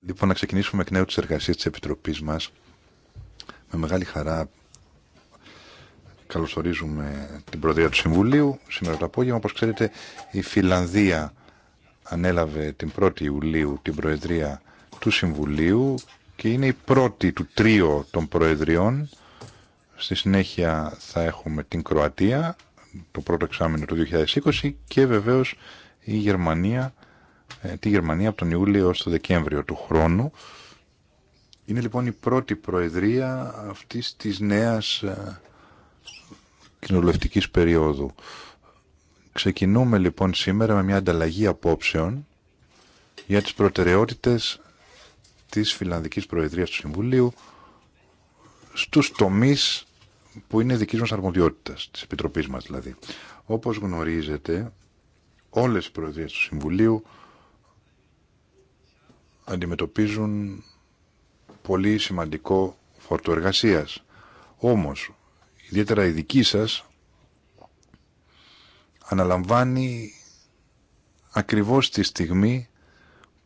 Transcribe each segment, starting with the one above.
Λοιπόν, να ξεκινήσουμε εκ νέου τις εργασίες της Επιτροπής μας. Με μεγάλη χαρά καλωσορίζουμε την Προεδρία του Συμβουλίου. Σήμερα το απόγευμα, όπως ξέρετε, η Φιλανδία ανέλαβε την 1η Ιουλίου την Προεδρία του Συμβουλίου και είναι η πρώτη του τρίου των Προεδριών. Στη συνέχεια θα έχουμε την Κροατία το πρώτο εξάμεινο του 2020 και βεβαίως η Γερμανία, ε, τη Γερμανία από τον Ιούλιο έως τον Δεκέμβριο του χρόνου. Είναι λοιπόν η πρώτη προεδρία αυτής της νέας ε, κοινοβουλευτικής περίοδου. Ξεκινούμε λοιπόν σήμερα με μια ανταλλαγή απόψεων για τις προτεραιότητες της Φιλανδικής Προεδρίας του Συμβουλίου στους τομείς που είναι δική μας αρμοδιότητας, της Επιτροπής μας δηλαδή. Όπως γνωρίζετε, όλες οι προεδρίες του Συμβουλίου αντιμετωπίζουν πολύ σημαντικό φόρτο εργασίας. Όμως, ιδιαίτερα η δική σας αναλαμβάνει ακριβώς τη στιγμή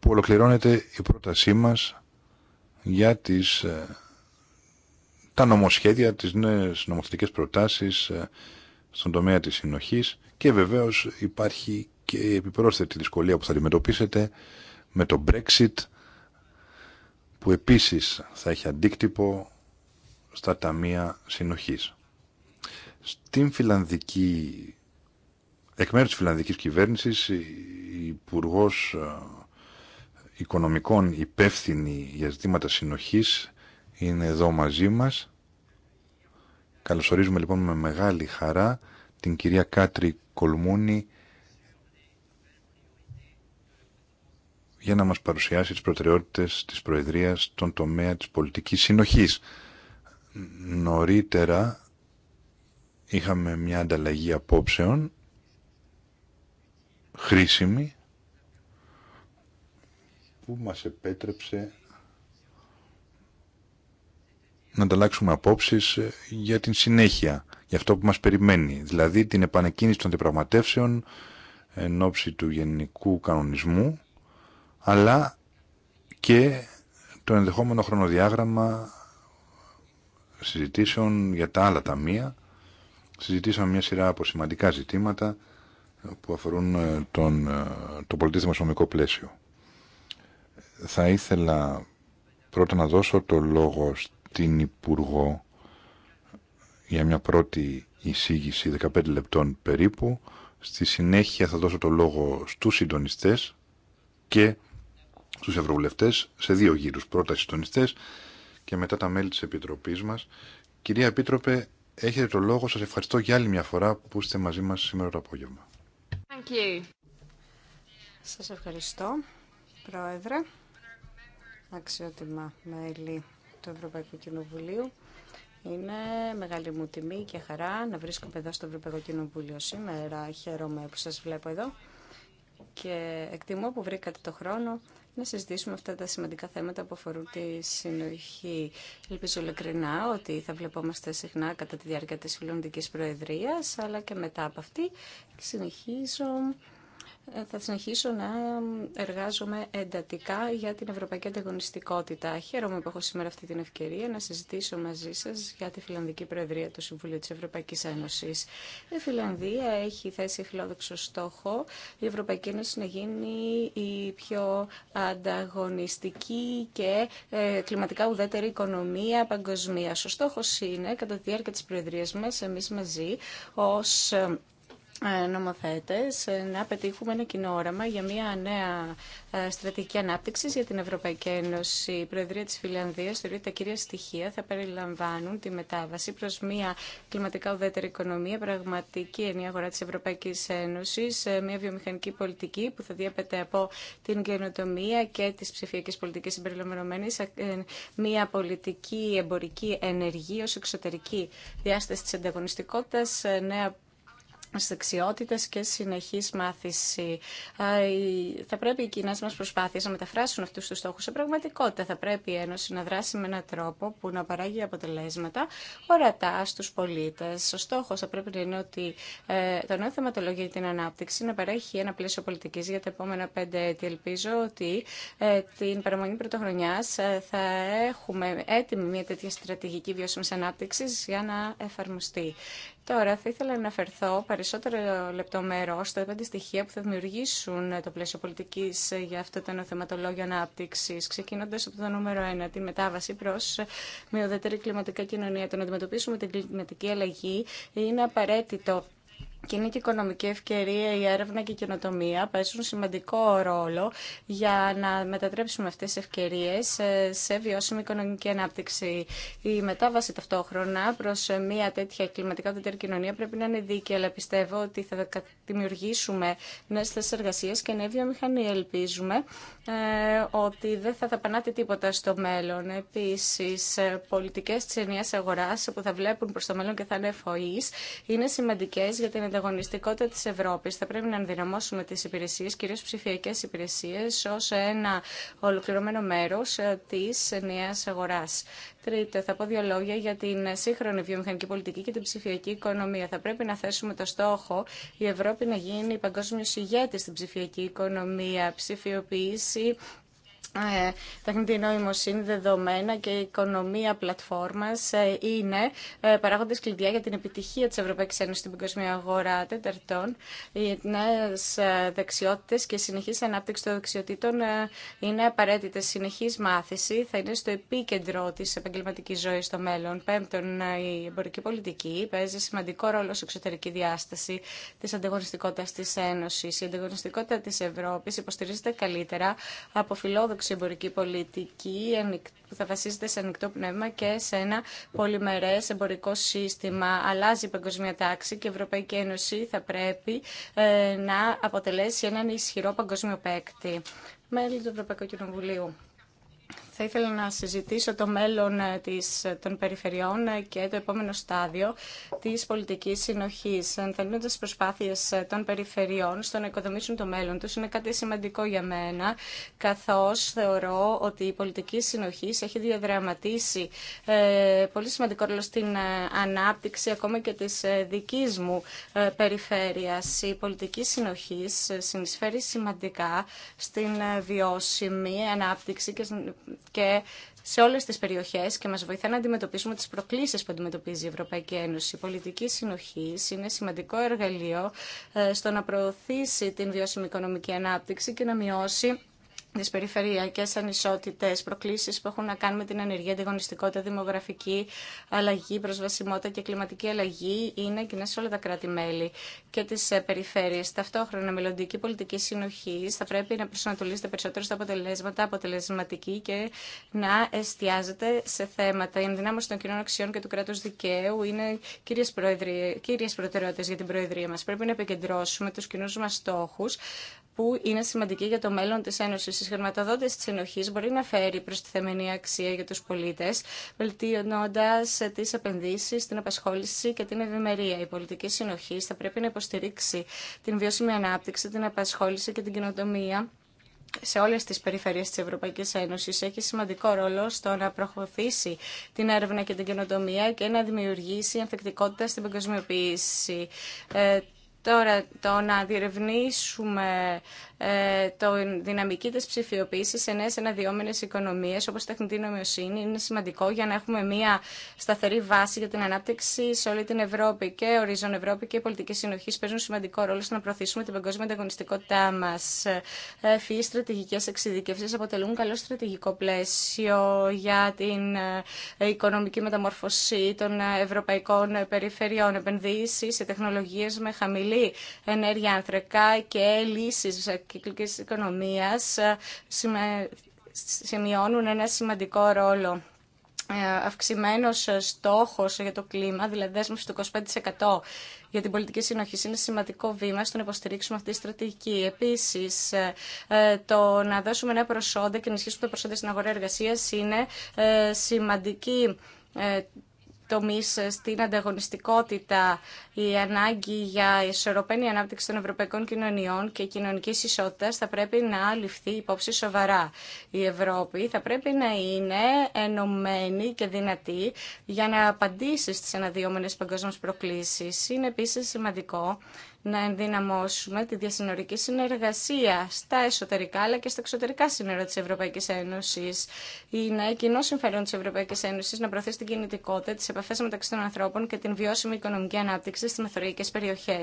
που ολοκληρώνεται η πρότασή μας για τις ε, τα νομοσχέδια, τις νέες νομοθετικές προτάσεις ε, στον τομέα της συνοχής και βεβαίως υπάρχει και η επιπρόσθετη δυσκολία που θα αντιμετωπίσετε με το Brexit που επίσης θα έχει αντίκτυπο στα ταμεία συνοχής. Στην φιλανδική, εκ μέρους της φιλανδικής κυβέρνησης, η υπουργό ε, Οικονομικών υπεύθυνη για ζητήματα συνοχής είναι εδώ μαζί μας. Καλωσορίζουμε λοιπόν με μεγάλη χαρά την κυρία Κάτρι Κολμούνη για να μας παρουσιάσει τις προτεραιότητες της Προεδρίας στον τομέα της πολιτικής συνοχής. Νωρίτερα είχαμε μια ανταλλαγή απόψεων χρήσιμη που μας επέτρεψε να ανταλλάξουμε απόψεις ε, για την συνέχεια, για αυτό που μας περιμένει, δηλαδή την επανεκκίνηση των διαπραγματεύσεων εν ώψη του γενικού κανονισμού, αλλά και το ενδεχόμενο χρονοδιάγραμμα συζητήσεων για τα άλλα ταμεία. Συζητήσαμε μια σειρά από σημαντικά ζητήματα που αφορούν ε, τον, ε, το πολιτισμο πλαίσιο. Θα ήθελα πρώτα να δώσω το λόγο την Υπουργό για μια πρώτη εισήγηση 15 λεπτών περίπου. Στη συνέχεια θα δώσω το λόγο στους συντονιστές και στους ευρωβουλευτές σε δύο γύρους. Πρώτα στους συντονιστές και μετά τα μέλη της Επιτροπής μας. Κυρία Επίτροπε, έχετε το λόγο. Σας ευχαριστώ για άλλη μια φορά που είστε μαζί μας σήμερα το απόγευμα. Thank you. Σας ευχαριστώ, Πρόεδρε. Αξιότιμα μέλη του Ευρωπαϊκού Κοινοβουλίου. Είναι μεγάλη μου τιμή και χαρά να βρίσκομαι εδώ στο Ευρωπαϊκό Κοινοβούλιο σήμερα. Χαίρομαι που σας βλέπω εδώ και εκτιμώ που βρήκατε το χρόνο να συζητήσουμε αυτά τα σημαντικά θέματα που αφορούν τη συνοχή. Ελπίζω ειλικρινά ότι θα βλεπόμαστε συχνά κατά τη διάρκεια της Φιλονδικής Προεδρίας, αλλά και μετά από αυτή συνεχίζω ε, θα συνεχίσω να εργάζομαι εντατικά για την ευρωπαϊκή ανταγωνιστικότητα. Χαίρομαι που έχω σήμερα αυτή την ευκαιρία να συζητήσω μαζί σας για τη Φιλανδική Προεδρία του Συμβουλίου της Ευρωπαϊκής Ένωση. Η Φιλανδία έχει θέσει φιλόδοξο στόχο η Ευρωπαϊκή Ένωση να γίνει η πιο ανταγωνιστική και ε, κλιματικά ουδέτερη οικονομία παγκοσμία. Ο στόχο είναι κατά τη διάρκεια τη Προεδρία μα, εμεί μαζί ω. Ε, νομοθέτες ε, να πετύχουμε ένα κοινό όραμα για μια νέα ε, στρατηγική ανάπτυξη για την Ευρωπαϊκή Ένωση. Η Προεδρία τη Φιλανδία, θεωρεί ότι τα κύρια στοιχεία θα περιλαμβάνουν τη μετάβαση προ μία κλιματικά ουδέτερη οικονομία, πραγματική ενία αγορά τη Ευρωπαϊκή Ένωση, μια κλιματικά ουδέτερη οικονομία, πραγματική ενιαία αγορά της Ευρωπαϊκής Ένωσης, μια βιομηχανική πολιτική που θα διέπεται από την καινοτομία και τις ψηφιακές πολιτικές συμπεριλαμβανομένε, μια πολιτική εμπορική ενεργή ω εξωτερική διάσταση τη ανταγωνιστικότητα στις δεξιότητες και συνεχής μάθηση. Θα πρέπει οι κοινές μας προσπάθειες να μεταφράσουν αυτούς τους στόχους σε πραγματικότητα. Θα πρέπει η Ένωση να δράσει με έναν τρόπο που να παράγει αποτελέσματα ορατά στους πολίτες. Ο στόχος θα πρέπει να είναι ότι ε, το νέο θεματολόγιο για την ανάπτυξη να παρέχει ένα πλαίσιο πολιτικής για τα επόμενα πέντε έτη. Ελπίζω ότι ε, την παραμονή πρωτοχρονιά ε, θα έχουμε έτοιμη μια τέτοια στρατηγική βιώσιμη ανάπτυξη για να εφαρμοστεί. Τώρα θα ήθελα να αναφερθώ περισσότερο λεπτομέρο στα πέντε στοιχεία που θα δημιουργήσουν το πλαίσιο πολιτική για αυτό το θεματολόγιο ανάπτυξη, ξεκινώντα από το νούμερο 1, τη μετάβαση προ μια κλιματική κοινωνία. Το να αντιμετωπίσουμε την κλιματική αλλαγή είναι απαραίτητο και είναι και οικονομική ευκαιρία, η έρευνα και η καινοτομία παίζουν σημαντικό ρόλο για να μετατρέψουμε αυτές τις ευκαιρίες ε, σε βιώσιμη οικονομική ανάπτυξη. Η μετάβαση ταυτόχρονα προς ε, μια τέτοια κλιματικά ουδετερή κοινωνία πρέπει να είναι δίκαιη, αλλά πιστεύω ότι θα δημιουργήσουμε νέες θέσεις εργασίας και νέα βιομηχανία. Ελπίζουμε ε, ότι δεν θα ταπανάτε τίποτα στο μέλλον. Επίσης, πολιτικές της ενιαίας αγοράς που θα βλέπουν προ το μέλλον και θα είναι εφοεί είναι σημαντικέ για την ανταγωνιστικότητα της Ευρώπης θα πρέπει να ενδυναμώσουμε τις υπηρεσίες, κυρίως ψηφιακές υπηρεσίες, ως ένα ολοκληρωμένο μέρος ε, της νέας αγοράς. Τρίτο, θα πω δύο λόγια για την σύγχρονη βιομηχανική πολιτική και την ψηφιακή οικονομία. Θα πρέπει να θέσουμε το στόχο η Ευρώπη να γίνει παγκόσμιο ηγέτη στην ψηφιακή οικονομία, ψηφιοποίηση ε, τεχνητή νοημοσύνη, δεδομένα και η οικονομία πλατφόρμας ε, είναι ε, παράγοντες κλειδιά για την επιτυχία της Ευρωπαϊκής Ένωσης στην παγκοσμία αγορά τέταρτον. Οι νέες δεξιότητες και συνεχής ανάπτυξη των δεξιοτήτων είναι απαραίτητε. Συνεχής μάθηση θα είναι στο επίκεντρο της επαγγελματικής ζωής στο μέλλον. Πέμπτον, η εμπορική πολιτική παίζει σημαντικό ρόλο σε εξωτερική διάσταση της ανταγωνιστικότητας της Ένωσης. Η ανταγωνιστικότητα της Ευρώπης υποστηρίζεται καλύτερα από φιλόδοξο ορθόδοξη εμπορική πολιτική που θα βασίζεται σε ανοιχτό πνεύμα και σε ένα πολυμερές εμπορικό σύστημα. Αλλάζει η παγκοσμία τάξη και η Ευρωπαϊκή Ένωση θα πρέπει ε, να αποτελέσει έναν ισχυρό παγκοσμίο Μέλη του Ευρωπαϊκού Κοινοβουλίου θα ήθελα να συζητήσω το μέλλον ε, της, ε, των περιφερειών ε, και το επόμενο στάδιο της πολιτικής συνοχής. Ενθαρρύνοντας τις προσπάθειες των περιφερειών στο να οικοδομήσουν το μέλλον τους είναι κάτι σημαντικό για μένα, καθώς θεωρώ ότι η πολιτική συνοχής έχει διαδραματίσει πολύ σημαντικό ρόλο στην ανάπτυξη ακόμα και της δικής μου περιφέρειας. Η πολιτική συνοχής συνεισφέρει σημαντικά στην βιώσιμη ανάπτυξη και και σε όλε τι περιοχέ και μα βοηθά να αντιμετωπίσουμε τι προκλήσει που αντιμετωπίζει η Ευρωπαϊκή Ένωση. Η πολιτική συνοχή είναι σημαντικό εργαλείο ε, στο να προωθήσει την βιώσιμη οικονομική ανάπτυξη και να μειώσει τις περιφερειακές ανισότητες, προκλήσεις που έχουν να κάνουν με την ανεργία, αντιγωνιστικότητα, δημογραφική αλλαγή, προσβασιμότητα και κλιματική αλλαγή είναι κοινέ σε όλα τα κράτη-μέλη και τις ε, περιφέρειες. Ταυτόχρονα, η μελλοντική πολιτική συνοχή θα πρέπει να προσανατολίζεται περισσότερο στα αποτελέσματα, αποτελεσματική και να εστιάζεται σε θέματα. Η ενδυνάμωση των κοινών αξιών και του κράτου δικαίου είναι κύριε προτεραιότητε για την Προεδρία μα. Πρέπει να επικεντρώσουμε του κοινού μα στόχου που είναι σημαντική για το μέλλον τη Ένωση. Η χρηματοδότηση τη συνοχή μπορεί να φέρει τη θεμενή αξία για του πολίτε, βελτιώνοντα τι επενδύσει, την απασχόληση και την ευημερία. Η πολιτική συνοχή θα πρέπει να υποστηρίξει την βιώσιμη ανάπτυξη, την απασχόληση και την κοινοτομία σε όλε τι περιφερειέ τη Ευρωπαϊκή Ένωση έχει σημαντικό ρόλο στο να προχωρήσει την έρευνα και την καινοτομία και να δημιουργήσει ανθεκτικότητα στην παγκοσμιοποίηση. Ε, Τώρα, το να διερευνήσουμε ε, το δυναμική της ψηφιοποίησης σε νέες αναδυόμενες οικονομίες όπως η τεχνητή νομιοσύνη είναι σημαντικό για να έχουμε μια σταθερή βάση για την ανάπτυξη σε όλη την Ευρώπη και ορίζον Ευρώπη και οι πολιτικές συνοχή παίζουν σημαντικό ρόλο στο να προωθήσουμε την παγκόσμια ανταγωνιστικότητά μας. Ε, Φύγει στρατηγικές εξειδικεύσεις αποτελούν καλό στρατηγικό πλαίσιο για την ε, οικονομική μεταμορφωσή των ευρωπαϊκών περιφερειών, επενδύσει σε τεχνολογίες με χαμηλή ενέργεια ανθρακά και λύσεις κυκλικής οικονομίας ε, σημειώνουν ένα σημαντικό ρόλο ε, αυξημένος στόχος για το κλίμα, δηλαδή δέσμευση του 25% για την πολιτική συνοχή είναι σημαντικό βήμα στο να υποστηρίξουμε αυτή τη στρατηγική. Επίση, ε, το να δώσουμε νέα προσόντα και να ενισχύσουμε τα προσόντα στην αγορά εργασία είναι σημαντική τομεί ε, στην ανταγωνιστικότητα, η ανάγκη για ισορροπένη ανάπτυξη των ευρωπαϊκών κοινωνιών και κοινωνικής ισότητας θα πρέπει να ληφθεί υπόψη σοβαρά. Η Ευρώπη θα πρέπει να είναι ενωμένη και δυνατή για να απαντήσει στις αναδυόμενες παγκόσμιες προκλήσεις. Είναι επίση σημαντικό να ενδυναμώσουμε τη διασυνορική συνεργασία στα εσωτερικά αλλά και στα εξωτερικά σύνορα της Ευρωπαϊκής Ένωσης. Είναι κοινό συμφέρον τη Ευρωπαϊκή Ένωση, να προωθεί την κινητικότητα, τι επαφέ μεταξύ των ανθρώπων και την βιώσιμη οικονομική ανάπτυξη στι μεθοριακέ περιοχέ.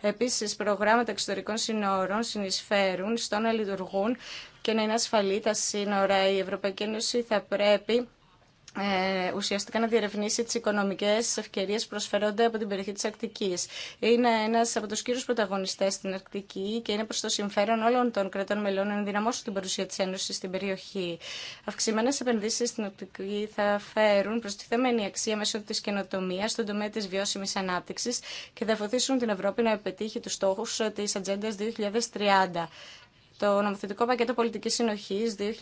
Επίση, προγράμματα εξωτερικών συνόρων συνεισφέρουν στο να λειτουργούν και να είναι ασφαλή τα σύνορα. Η Ευρωπαϊκή Ένωση θα πρέπει ε, ουσιαστικά να διερευνήσει τι οικονομικέ ευκαιρίε που προσφέρονται από την περιοχή τη Αρκτική. Είναι ένα από του κύριου πρωταγωνιστέ στην Αρκτική και είναι προ το συμφέρον όλων των κρατών μελών να ενδυναμώσουν την παρουσία τη Ένωση στην περιοχή. Αυξημένε επενδύσει στην Αρκτική θα φέρουν προστιθέμενη αξία μέσω τη καινοτομία στον τομέα τη βιώσιμη ανάπτυξη και θα βοηθήσουν την Ευρώπη να επιτύχει του στόχου τη Ατζέντα 2030. Το νομοθετικό πακέτο πολιτικής συνοχής 2021-2027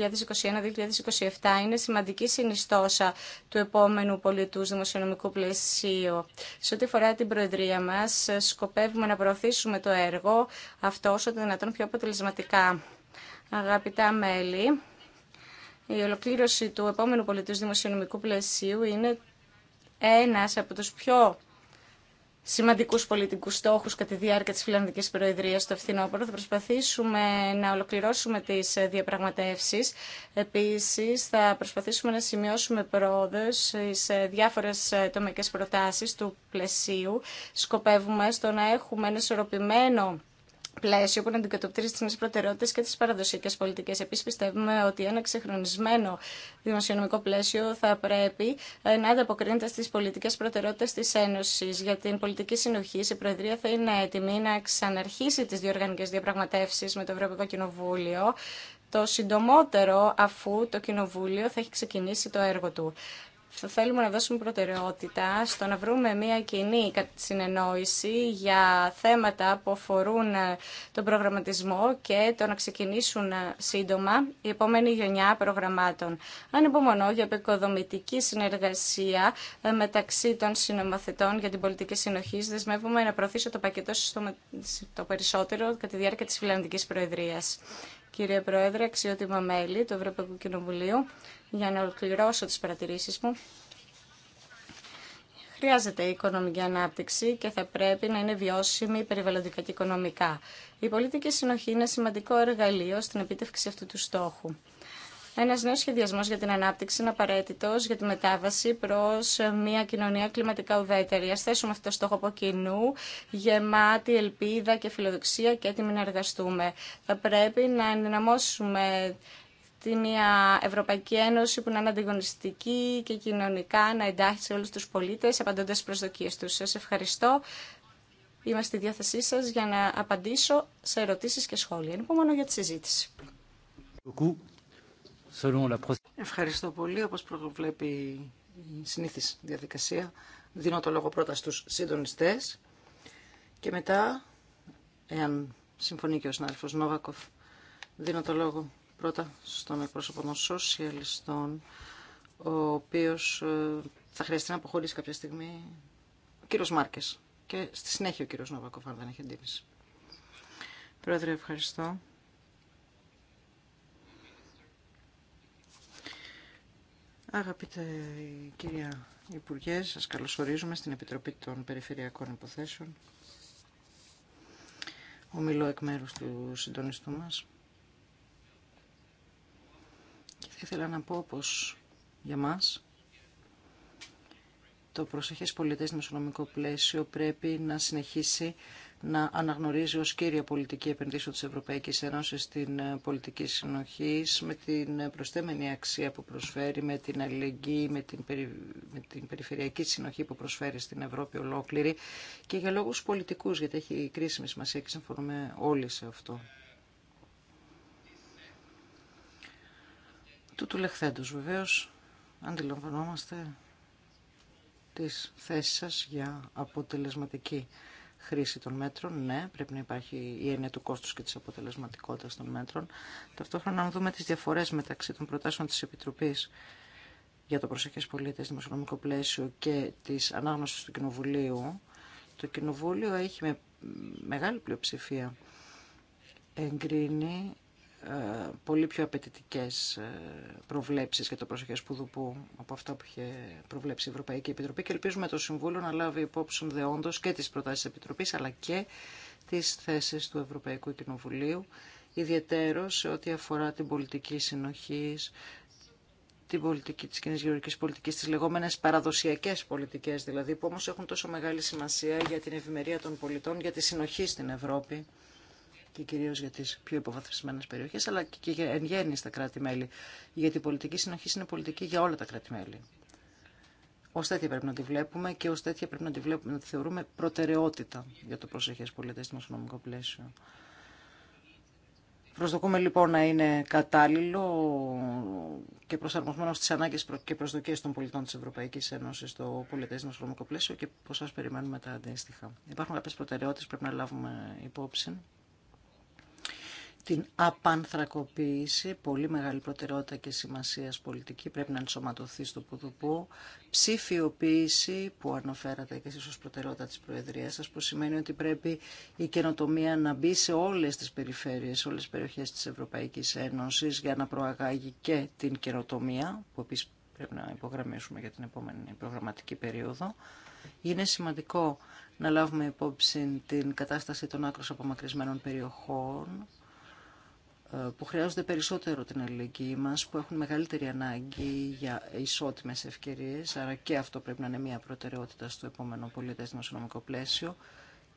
είναι σημαντική συνιστόσα του επόμενου πολιτούς δημοσιονομικού πλαισίου. Σε ό,τι αφορά την Προεδρία μας, σκοπεύουμε να προωθήσουμε το έργο αυτό όσο το δυνατόν πιο αποτελεσματικά. Αγαπητά μέλη, η ολοκλήρωση του επόμενου πολιτούς δημοσιονομικού πλαισίου είναι ένας από τους πιο σημαντικού πολιτικού στόχου κατά τη διάρκεια τη Φιλανδική Προεδρία το φθινόπωρο. Θα προσπαθήσουμε να ολοκληρώσουμε τι ε, διαπραγματεύσει. Επίση, θα προσπαθήσουμε να σημειώσουμε πρόοδο σε διάφορε ε, τομικέ προτάσει του πλαισίου. Σκοπεύουμε στο να έχουμε ένα ισορροπημένο πλαίσιο που να αντικατοπτρίζει τι νέε προτεραιότητε και τι παραδοσιακέ πολιτικέ. Επίση, πιστεύουμε ότι ένα ξεχρονισμένο δημοσιονομικό πλαίσιο θα πρέπει ε, να ανταποκρίνεται στι πολιτικέ προτεραιότητε τη Ένωση. Για την πολιτική συνοχή, η Προεδρία θα είναι έτοιμη να ξαναρχίσει τι διοργανικέ διαπραγματεύσει με το Ευρωπαϊκό Κοινοβούλιο το συντομότερο αφού το Κοινοβούλιο θα έχει ξεκινήσει το έργο του. Θέλουμε να δώσουμε προτεραιότητα στο να βρούμε μια κοινή συνεννόηση για θέματα που αφορούν ε, τον προγραμματισμό και το να ξεκινήσουν ε, σύντομα η επόμενη γενιά προγραμμάτων. Αν υπομονώ για επικοδομητική συνεργασία ε, μεταξύ των συνομαθητών για την πολιτική συνοχή. Δεσμεύομαι να προωθήσω το πακετό στο το περισσότερο κατά τη διάρκεια της Φιλανδικής Προεδρίας. Κύριε Πρόεδρε, αξιότιμα μέλη του Ευρωπαϊκού Κοινοβουλίου, για να ολοκληρώσω τις παρατηρήσεις μου. Χρειάζεται η οικονομική ανάπτυξη και θα πρέπει να είναι βιώσιμη περιβαλλοντικά και οικονομικά. Η πολιτική συνοχή είναι σημαντικό εργαλείο στην επίτευξη αυτού του στόχου. Ένα νέο σχεδιασμό για την ανάπτυξη είναι απαραίτητο για τη μετάβαση προ μια κοινωνία κλιματικά ουδέτερη. Α θέσουμε αυτό το στόχο από κοινού, γεμάτη ελπίδα και φιλοδοξία και έτοιμοι να εργαστούμε. Θα πρέπει να ενδυναμώσουμε τη μια Ευρωπαϊκή Ένωση που να είναι αντιγωνιστική και κοινωνικά να εντάχει σε όλους τους πολίτες απαντώντας στις προσδοκίες τους. Σας ευχαριστώ. Είμαι στη διάθεσή σας για να απαντήσω σε ερωτήσεις και σχόλια. Είναι λοιπόν, μόνο για τη συζήτηση. Ευχαριστώ πολύ. Όπως προβλέπει η συνήθις διαδικασία, δίνω το λόγο πρώτα στους συντονιστές και μετά, εάν συμφωνεί και ο συνάδελφος Νόβακοφ, δίνω το λόγο πρώτα στον εκπρόσωπο των σοσιαλιστών, ο οποίος ε, θα χρειαστεί να αποχωρήσει κάποια στιγμή, ο κύριος Μάρκες. Και στη συνέχεια ο κύριος Νοβακοφ, αν δεν έχει εντύπωση. Πρόεδρε, ευχαριστώ. Αγαπητέ κυρία Υπουργέ, σας καλωσορίζουμε στην Επιτροπή των Περιφερειακών Υποθέσεων. Ομιλώ εκ μέρους του συντονιστού μας. ήθελα να πω πως για μας το προσεχές πολιτές δημοσιονομικό πλαίσιο πρέπει να συνεχίσει να αναγνωρίζει ως κύρια πολιτική επενδύσεων της Ευρωπαϊκής Ένωσης στην ε, πολιτική συνοχή με την ε, προσθέμενη αξία που προσφέρει, με την αλληλεγγύη, με την, με την περιφερειακή συνοχή που προσφέρει στην Ευρώπη ολόκληρη και για λόγους πολιτικούς, γιατί έχει κρίσιμη σημασία και συμφωνούμε όλοι σε αυτό. του του λεχθέντος. Βεβαίως αντιλαμβανόμαστε τις θέσεις σας για αποτελεσματική χρήση των μέτρων. Ναι, πρέπει να υπάρχει η έννοια του κόστους και της αποτελεσματικότητας των μέτρων. Ταυτόχρονα να δούμε τις διαφορές μεταξύ των προτάσεων της Επιτροπής για το προσεχές πολίτες δημοσιονομικό πλαίσιο και της ανάγνωσης του Κοινοβουλίου. Το Κοινοβούλιο έχει με μεγάλη πλειοψηφία εγκρίνει ε, πολύ πιο απαιτητικέ ε, προβλέψεις για το προσοχές δουπού από αυτά που είχε προβλέψει η Ευρωπαϊκή Επιτροπή και ελπίζουμε το Συμβούλιο να λάβει υπόψη δεόντως και τις προτάσεις της Επιτροπής αλλά και τις θέσεις του Ευρωπαϊκού Κοινοβουλίου ιδιαίτερο σε ό,τι αφορά την πολιτική συνοχή την πολιτική της κοινής γεωργικής πολιτικής, τις λεγόμενες παραδοσιακές πολιτικές δηλαδή, που όμως έχουν τόσο μεγάλη σημασία για την ευημερία των πολιτών, για τη συνοχή στην Ευρώπη και κυρίως για τις πιο υποβαθμισμένες περιοχές, αλλά και εν γέννη στα κράτη-μέλη, γιατί η πολιτική συνοχή είναι πολιτική για όλα τα κράτη-μέλη. Ω τέτοια πρέπει να τη βλέπουμε και ω τέτοια πρέπει να τη, βλέπουμε, να τη θεωρούμε προτεραιότητα για το προσεχέ πολιτέ στο πλαίσιο. Προσδοκούμε λοιπόν να είναι κατάλληλο και προσαρμοσμένο στι ανάγκε και προσδοκίε των πολιτών τη Ευρωπαϊκή Ένωση, στο πολιτές νοσονομικό πλαίσιο και πώ σα περιμένουμε τα αντίστοιχα. Υπάρχουν κάποιε προτεραιότητε που πρέπει να λάβουμε υπόψη την απανθρακοποίηση, πολύ μεγάλη προτεραιότητα και σημασία πολιτική, πρέπει να ενσωματωθεί στο Πουδουπού, ψηφιοποίηση που αναφέρατε και εσείς ως προτεραιότητα της Προεδρίας σας, που σημαίνει ότι πρέπει η καινοτομία να μπει σε όλες τις περιφέρειες, σε όλες τις περιοχές της Ευρωπαϊκής Ένωσης για να προαγάγει και την καινοτομία, που επίσης πρέπει να υπογραμμίσουμε για την επόμενη προγραμματική περίοδο. Είναι σημαντικό να λάβουμε υπόψη την κατάσταση των άκρως απομακρυσμένων περιοχών, ε, που χρειάζονται περισσότερο την αλληλεγγύη μας, που έχουν μεγαλύτερη ανάγκη για ισότιμες ευκαιρίες, άρα και αυτό πρέπει να είναι μια προτεραιότητα στο επόμενο πολιτές οικονομικό πλαίσιο.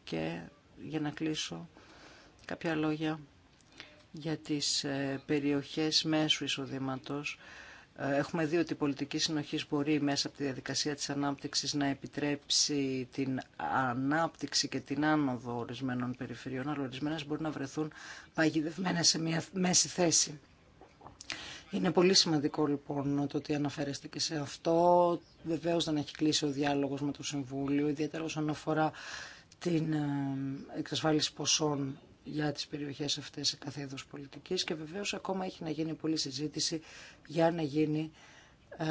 Και για να κλείσω κάποια λόγια για τις ε, περιοχές μέσου εισοδήματος Έχουμε δει ότι η πολιτική συνοχής μπορεί μέσα από τη διαδικασία της ανάπτυξης να επιτρέψει την ανάπτυξη και την άνοδο ορισμένων περιφερειών, αλλά ορισμένες μπορεί να βρεθούν παγιδευμένες σε μια μέση θέση. Είναι πολύ σημαντικό λοιπόν το ότι αναφέρεστε και σε αυτό. Βεβαίως δεν έχει κλείσει ο διάλογος με το Συμβούλιο, ιδιαίτερα όσον αφορά την ε, εξασφάλιση ποσών για τις περιοχές αυτές σε κάθε είδος πολιτικής και βεβαίως ακόμα έχει να γίνει πολλή συζήτηση για να γίνει ε,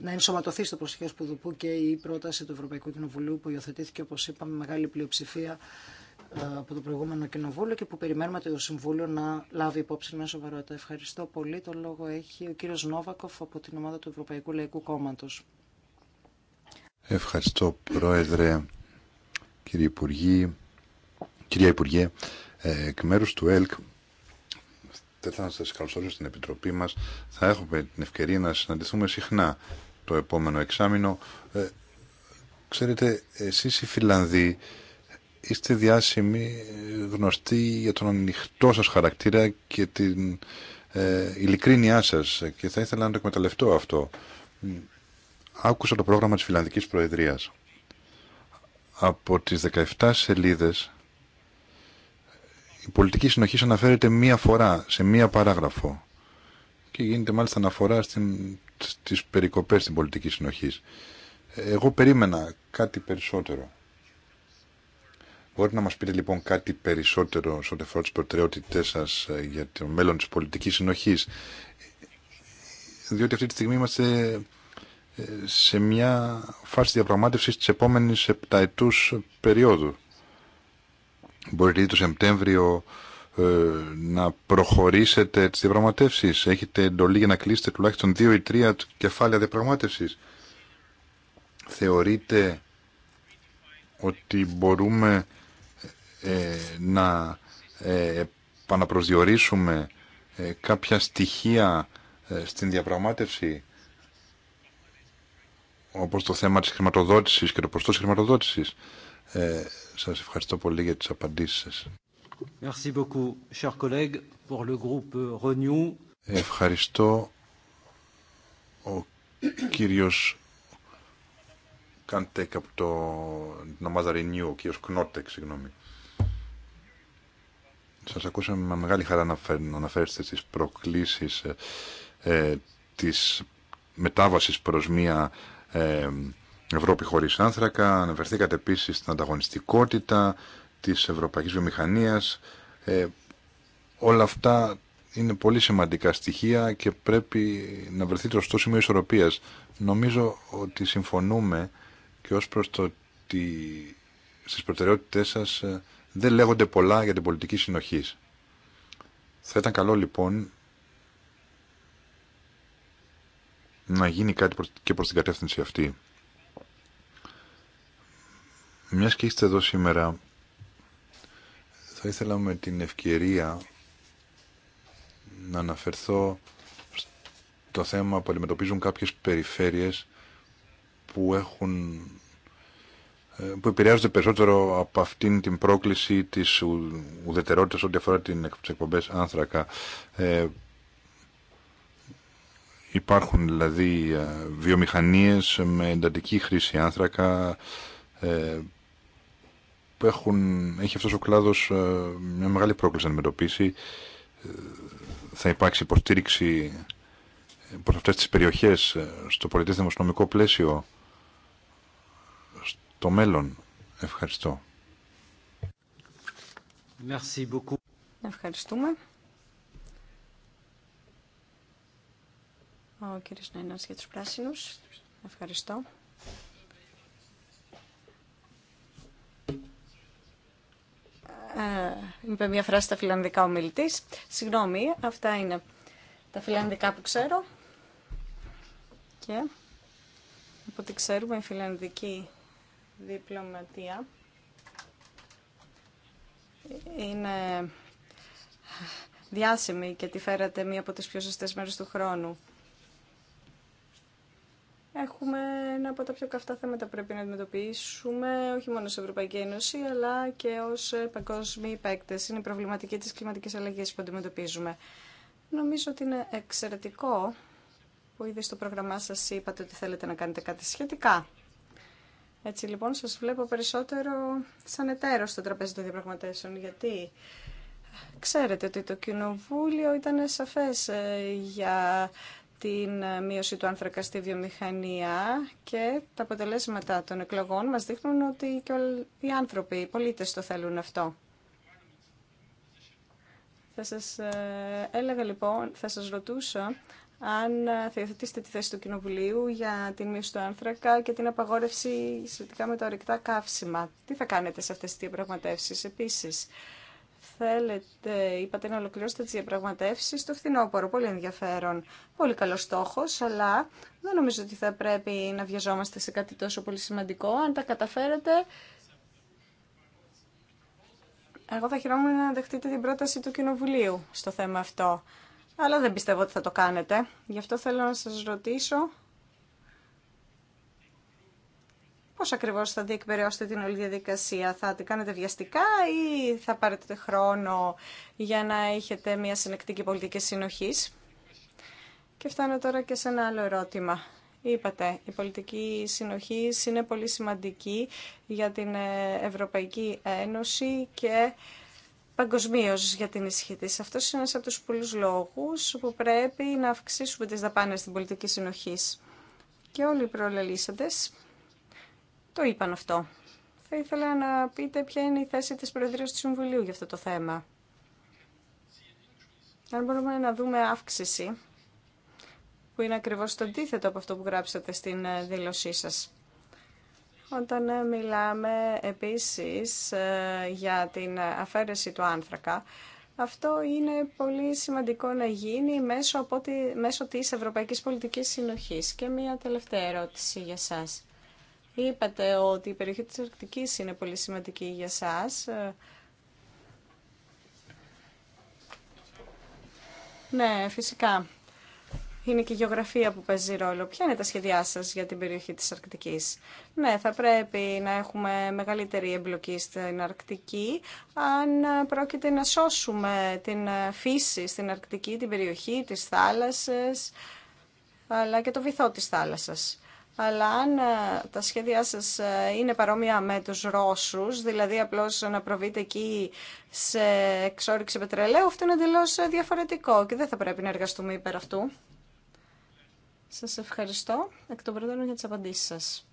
να ενσωματωθεί στο προσχέδιο σπουδουπού και η πρόταση του Ευρωπαϊκού Κοινοβουλίου που υιοθετήθηκε, όπως είπαμε, μεγάλη πλειοψηφία ε, από το προηγούμενο κοινοβούλιο και που περιμένουμε το Συμβούλιο να λάβει υπόψη με σοβαρότητα. Ευχαριστώ πολύ. Το λόγο έχει ο κύριος Νόβακοφ από την ομάδα του Ευρωπαϊκού Λαϊκού Κόμματος. Ευχαριστώ, Πρόεδρε, κύριε Υπουργή. Κυρία Υπουργέ, ε, εκ μέρου του ΕΛΚ δεν θα σα καλωσορίσω στην Επιτροπή μα, Θα έχουμε την ευκαιρία να συναντηθούμε συχνά το επόμενο εξάμεινο. Ε, ξέρετε, εσεί οι Φιλανδοί είστε διάσημοι, γνωστοί για τον ανοιχτό σα χαρακτήρα και την ε, ειλικρίνειά σας και θα ήθελα να το εκμεταλλευτώ αυτό. Άκουσα το πρόγραμμα της Φιλανδικής Προεδρίας. Από τις 17 σελίδες η πολιτική συνοχή αναφέρεται μία φορά, σε μία παράγραφο. Και γίνεται μάλιστα αναφορά στην, στις περικοπές της πολιτικής συνοχής. Εγώ περίμενα κάτι περισσότερο. Μπορείτε να μας πείτε λοιπόν κάτι περισσότερο σε ό,τι αφορά τις προτεραιότητές σας ε, για το μέλλον της πολιτικής συνοχής. Διότι αυτή τη στιγμή είμαστε ε, σε μια φάση διαπραγμάτευσης της επόμενης επταετούς περίοδου. Μπορείτε το Σεπτέμβριο ε, να προχωρήσετε τις διαπραγματεύσεις. Έχετε εντολή για να κλείσετε τουλάχιστον δύο ή τρία κεφάλαια διαπραγμάτευσης. Θεωρείτε ότι μπορούμε ε, να ε, επαναπροσδιορίσουμε ε, κάποια στοιχεία στην διαπραγμάτευση όπως το θέμα της χρηματοδότησης και το ποστός χρηματοδότησης σας ευχαριστώ πολύ για τις απαντήσεις σας. Merci beaucoup, pour le groupe euh, Renew. Ευχαριστώ ο κύριος Καντέκ από το, την ομάδα Renew, ο κύριος Κνότεκ, συγγνώμη. Σας ακούσαμε με μεγάλη χαρά να αναφέρεστε στις προκλήσεις ε, ε της μετάβασης προς μια ε, Ευρώπη χωρίς άνθρακα. Αναφερθήκατε επίσης στην ανταγωνιστικότητα της ευρωπαϊκής βιομηχανίας. Ε, όλα αυτά είναι πολύ σημαντικά στοιχεία και πρέπει να βρεθεί το σημείο ισορροπίας. Νομίζω ότι συμφωνούμε και ως προς το ότι στις προτεραιότητές σας ε, δεν λέγονται πολλά για την πολιτική συνοχή. Θα ήταν καλό λοιπόν να γίνει κάτι και προς την κατεύθυνση αυτή. Μιας και είστε εδώ σήμερα, θα ήθελα με την ευκαιρία να αναφερθώ στο θέμα που αντιμετωπίζουν κάποιες περιφέρειες που έχουν ε, που επηρεάζονται περισσότερο από αυτήν την πρόκληση της ουδετερότητας ό,τι αφορά την εκπομπές άνθρακα. Ε, υπάρχουν δηλαδή ε, βιομηχανίες με εντατική χρήση άνθρακα, ε, που έχουν, έχει αυτός ο κλάδος ε, μια μεγάλη πρόκληση να αντιμετωπίσει. Ε, θα υπάρξει υποστήριξη ε, προς αυτές τις περιοχές στο πολιτισμό δημοσιονομικό πλαίσιο στο μέλλον. Ευχαριστώ. Ευχαριστούμε. Ο κύριος Νένας για τους πράσινους. Ευχαριστώ. Ε, είπε μια φράση στα φιλανδικά ο μιλητής. Συγγνώμη, αυτά είναι τα φιλανδικά που ξέρω. Και από ό,τι ξέρουμε η φιλανδική διπλωματία είναι διάσημη και τη φέρατε μία από τις πιο σωστές μέρες του χρόνου έχουμε ένα από τα πιο καυτά θέματα που πρέπει να αντιμετωπίσουμε, όχι μόνο σε Ευρωπαϊκή Ένωση, αλλά και ω παγκόσμιοι παίκτε. Είναι η προβληματική τη κλιματική αλλαγή που αντιμετωπίζουμε. Νομίζω ότι είναι εξαιρετικό που ήδη στο πρόγραμμά σα είπατε ότι θέλετε να κάνετε κάτι σχετικά. Έτσι λοιπόν σας βλέπω περισσότερο σαν εταίρο στο τραπέζι των διαπραγματεύσεων, γιατί ξέρετε ότι το Κοινοβούλιο ήταν σαφές ε, για την ε, μείωση του άνθρακα στη βιομηχανία και τα αποτελέσματα των εκλογών μας δείχνουν ότι και οι άνθρωποι, οι πολίτες το θέλουν αυτό. Θα σας ε, έλεγα λοιπόν, θα σας ρωτούσα αν ε, θα υιοθετήσετε τη θέση του Κοινοβουλίου για την μείωση του άνθρακα και την απαγόρευση σχετικά με τα ορεικτά καύσιμα. Τι θα κάνετε σε αυτές τις διαπραγματεύσεις επίσης θέλετε, είπατε, να ολοκληρώσετε τις διαπραγματεύσει στο φθινόπωρο. Πολύ ενδιαφέρον. Πολύ καλό στόχος, αλλά δεν νομίζω ότι θα πρέπει να βιαζόμαστε σε κάτι τόσο πολύ σημαντικό. Αν τα καταφέρετε, εγώ θα χαιρόμουν να δεχτείτε την πρόταση του Κοινοβουλίου στο θέμα αυτό. Αλλά δεν πιστεύω ότι θα το κάνετε. Γι' αυτό θέλω να σας ρωτήσω Πώ ακριβώ θα διεκπαιρεώσετε την όλη διαδικασία, θα την κάνετε βιαστικά ή θα πάρετε χρόνο για να έχετε μια συνεκτική πολιτική συνοχής. Και φτάνω τώρα και σε ένα άλλο ερώτημα. Είπατε, η πολιτική συνοχή είναι πολύ σημαντική για την ε, Ευρωπαϊκή Ένωση και παγκοσμίω για την ισχύ τη. Αυτό είναι ένα από του πολλού λόγου που πρέπει να αυξήσουμε τι δαπάνε στην πολιτική συνοχή. Και όλοι οι προλαλήσαντε το είπαν αυτό. Θα ήθελα να πείτε ποια είναι η θέση της Προεδρίας του Συμβουλίου για αυτό το θέμα. Αν μπορούμε να δούμε αύξηση, που είναι ακριβώς το αντίθετο από αυτό που γράψατε στην ε, δήλωσή σας. Όταν ε, μιλάμε επίσης ε, για την αφαίρεση του άνθρακα, αυτό είναι πολύ σημαντικό να γίνει μέσω, από τη, μέσω της Ευρωπαϊκής Πολιτικής Συνοχής. Και μια τελευταία ερώτηση για σας. Είπατε ότι η περιοχή της Αρκτικής είναι πολύ σημαντική για σας. Ναι, φυσικά. Είναι και η γεωγραφία που παίζει ρόλο. Ποια είναι τα σχέδιά σας για την περιοχή της Αρκτικής. Ναι, θα πρέπει να έχουμε μεγαλύτερη εμπλοκή στην Αρκτική αν πρόκειται να σώσουμε την φύση στην Αρκτική, την περιοχή, τις θάλασσες αλλά και το βυθό της θάλασσας αλλά αν ε, τα σχέδιά σας ε, είναι παρόμοια με τους Ρώσους, δηλαδή απλώς να προβείτε εκεί σε εξόριξη πετρελαίου, αυτό είναι εντελώ ε, διαφορετικό και δεν θα πρέπει να εργαστούμε υπέρ αυτού. Σας ευχαριστώ εκ των προτέρων για τις απαντήσεις σας.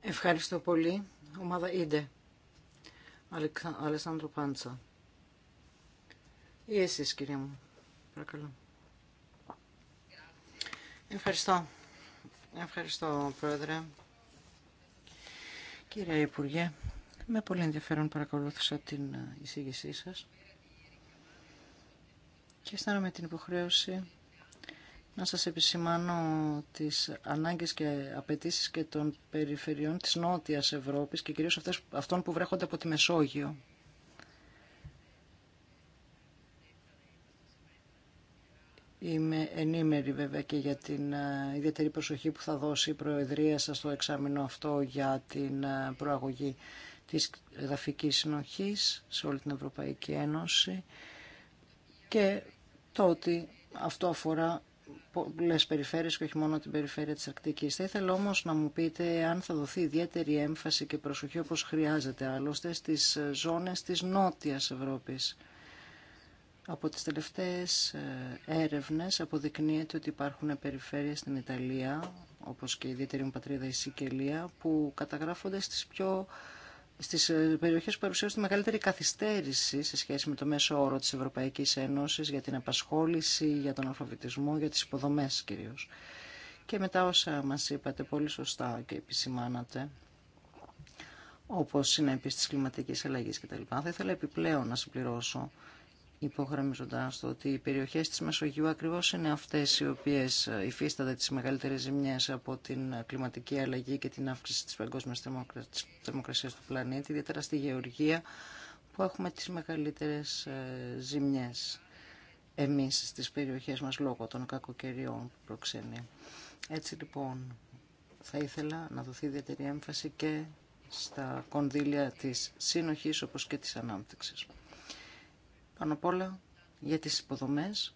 Ευχαριστώ πολύ. Ομάδα Ίντε. Αλεξάνδρο Πάντσα. Ή εσείς, κυρία μου. Παρακαλώ. Ευχαριστώ. Ευχαριστώ, Πρόεδρε. Κύριε Υπουργέ, με πολύ ενδιαφέρον παρακολούθησα την ε, εισήγησή σας και αισθάνομαι την υποχρέωση να σας επισημάνω τις ανάγκες και απαιτήσει και των περιφερειών της Νότιας Ευρώπης και κυρίως αυτές, αυτών που βρέχονται από τη Μεσόγειο. Είμαι ενήμερη βέβαια και για την ε, ιδιαίτερη προσοχή που θα δώσει η Προεδρία σας στο εξάμεινο αυτό για την ε, προαγωγή της γραφικής συνοχής σε όλη την Ευρωπαϊκή Ένωση και το ότι αυτό αφορά πολλέ περιφέρειες και όχι μόνο την περιφέρεια της Αρκτικής. Θα ήθελα όμως να μου πείτε αν θα δοθεί ιδιαίτερη έμφαση και προσοχή όπως χρειάζεται άλλωστε στις ε, ζώνες της Νότιας Ευρώπης από τις τελευταίες ε, έρευνες αποδεικνύεται ότι υπάρχουν περιφέρειες στην Ιταλία, όπως και η ιδιαίτερη μου πατρίδα η Σικελία, που καταγράφονται στις πιο στις ε, περιοχές που παρουσιάζουν τη μεγαλύτερη καθυστέρηση σε σχέση με το μέσο όρο της Ευρωπαϊκής Ένωσης για την απασχόληση, για τον αλφαβητισμό, για τις υποδομές κυρίως. Και μετά όσα μας είπατε πολύ σωστά και επισημάνατε, όπως συνέπειες της κλιματικής αλλαγής κτλ. Θα ήθελα επιπλέον να συμπληρώσω υπογραμμίζοντας το ότι οι περιοχές της Μεσογείου ακριβώς είναι αυτές οι οποίες υφίστανται τις μεγαλύτερες ζημιές από την κλιματική αλλαγή και την αύξηση της παγκόσμιας θερμοκρασίας του πλανήτη, ιδιαίτερα στη Γεωργία που έχουμε τις μεγαλύτερες ε, ζημιές εμείς στις περιοχές μας λόγω των κακοκαιριών που προξενεί. Έτσι λοιπόν θα ήθελα να δοθεί ιδιαίτερη έμφαση και στα κονδύλια της σύνοχης όπως και της ανάπτυξης. Πάνω απ' όλα για τις υποδομές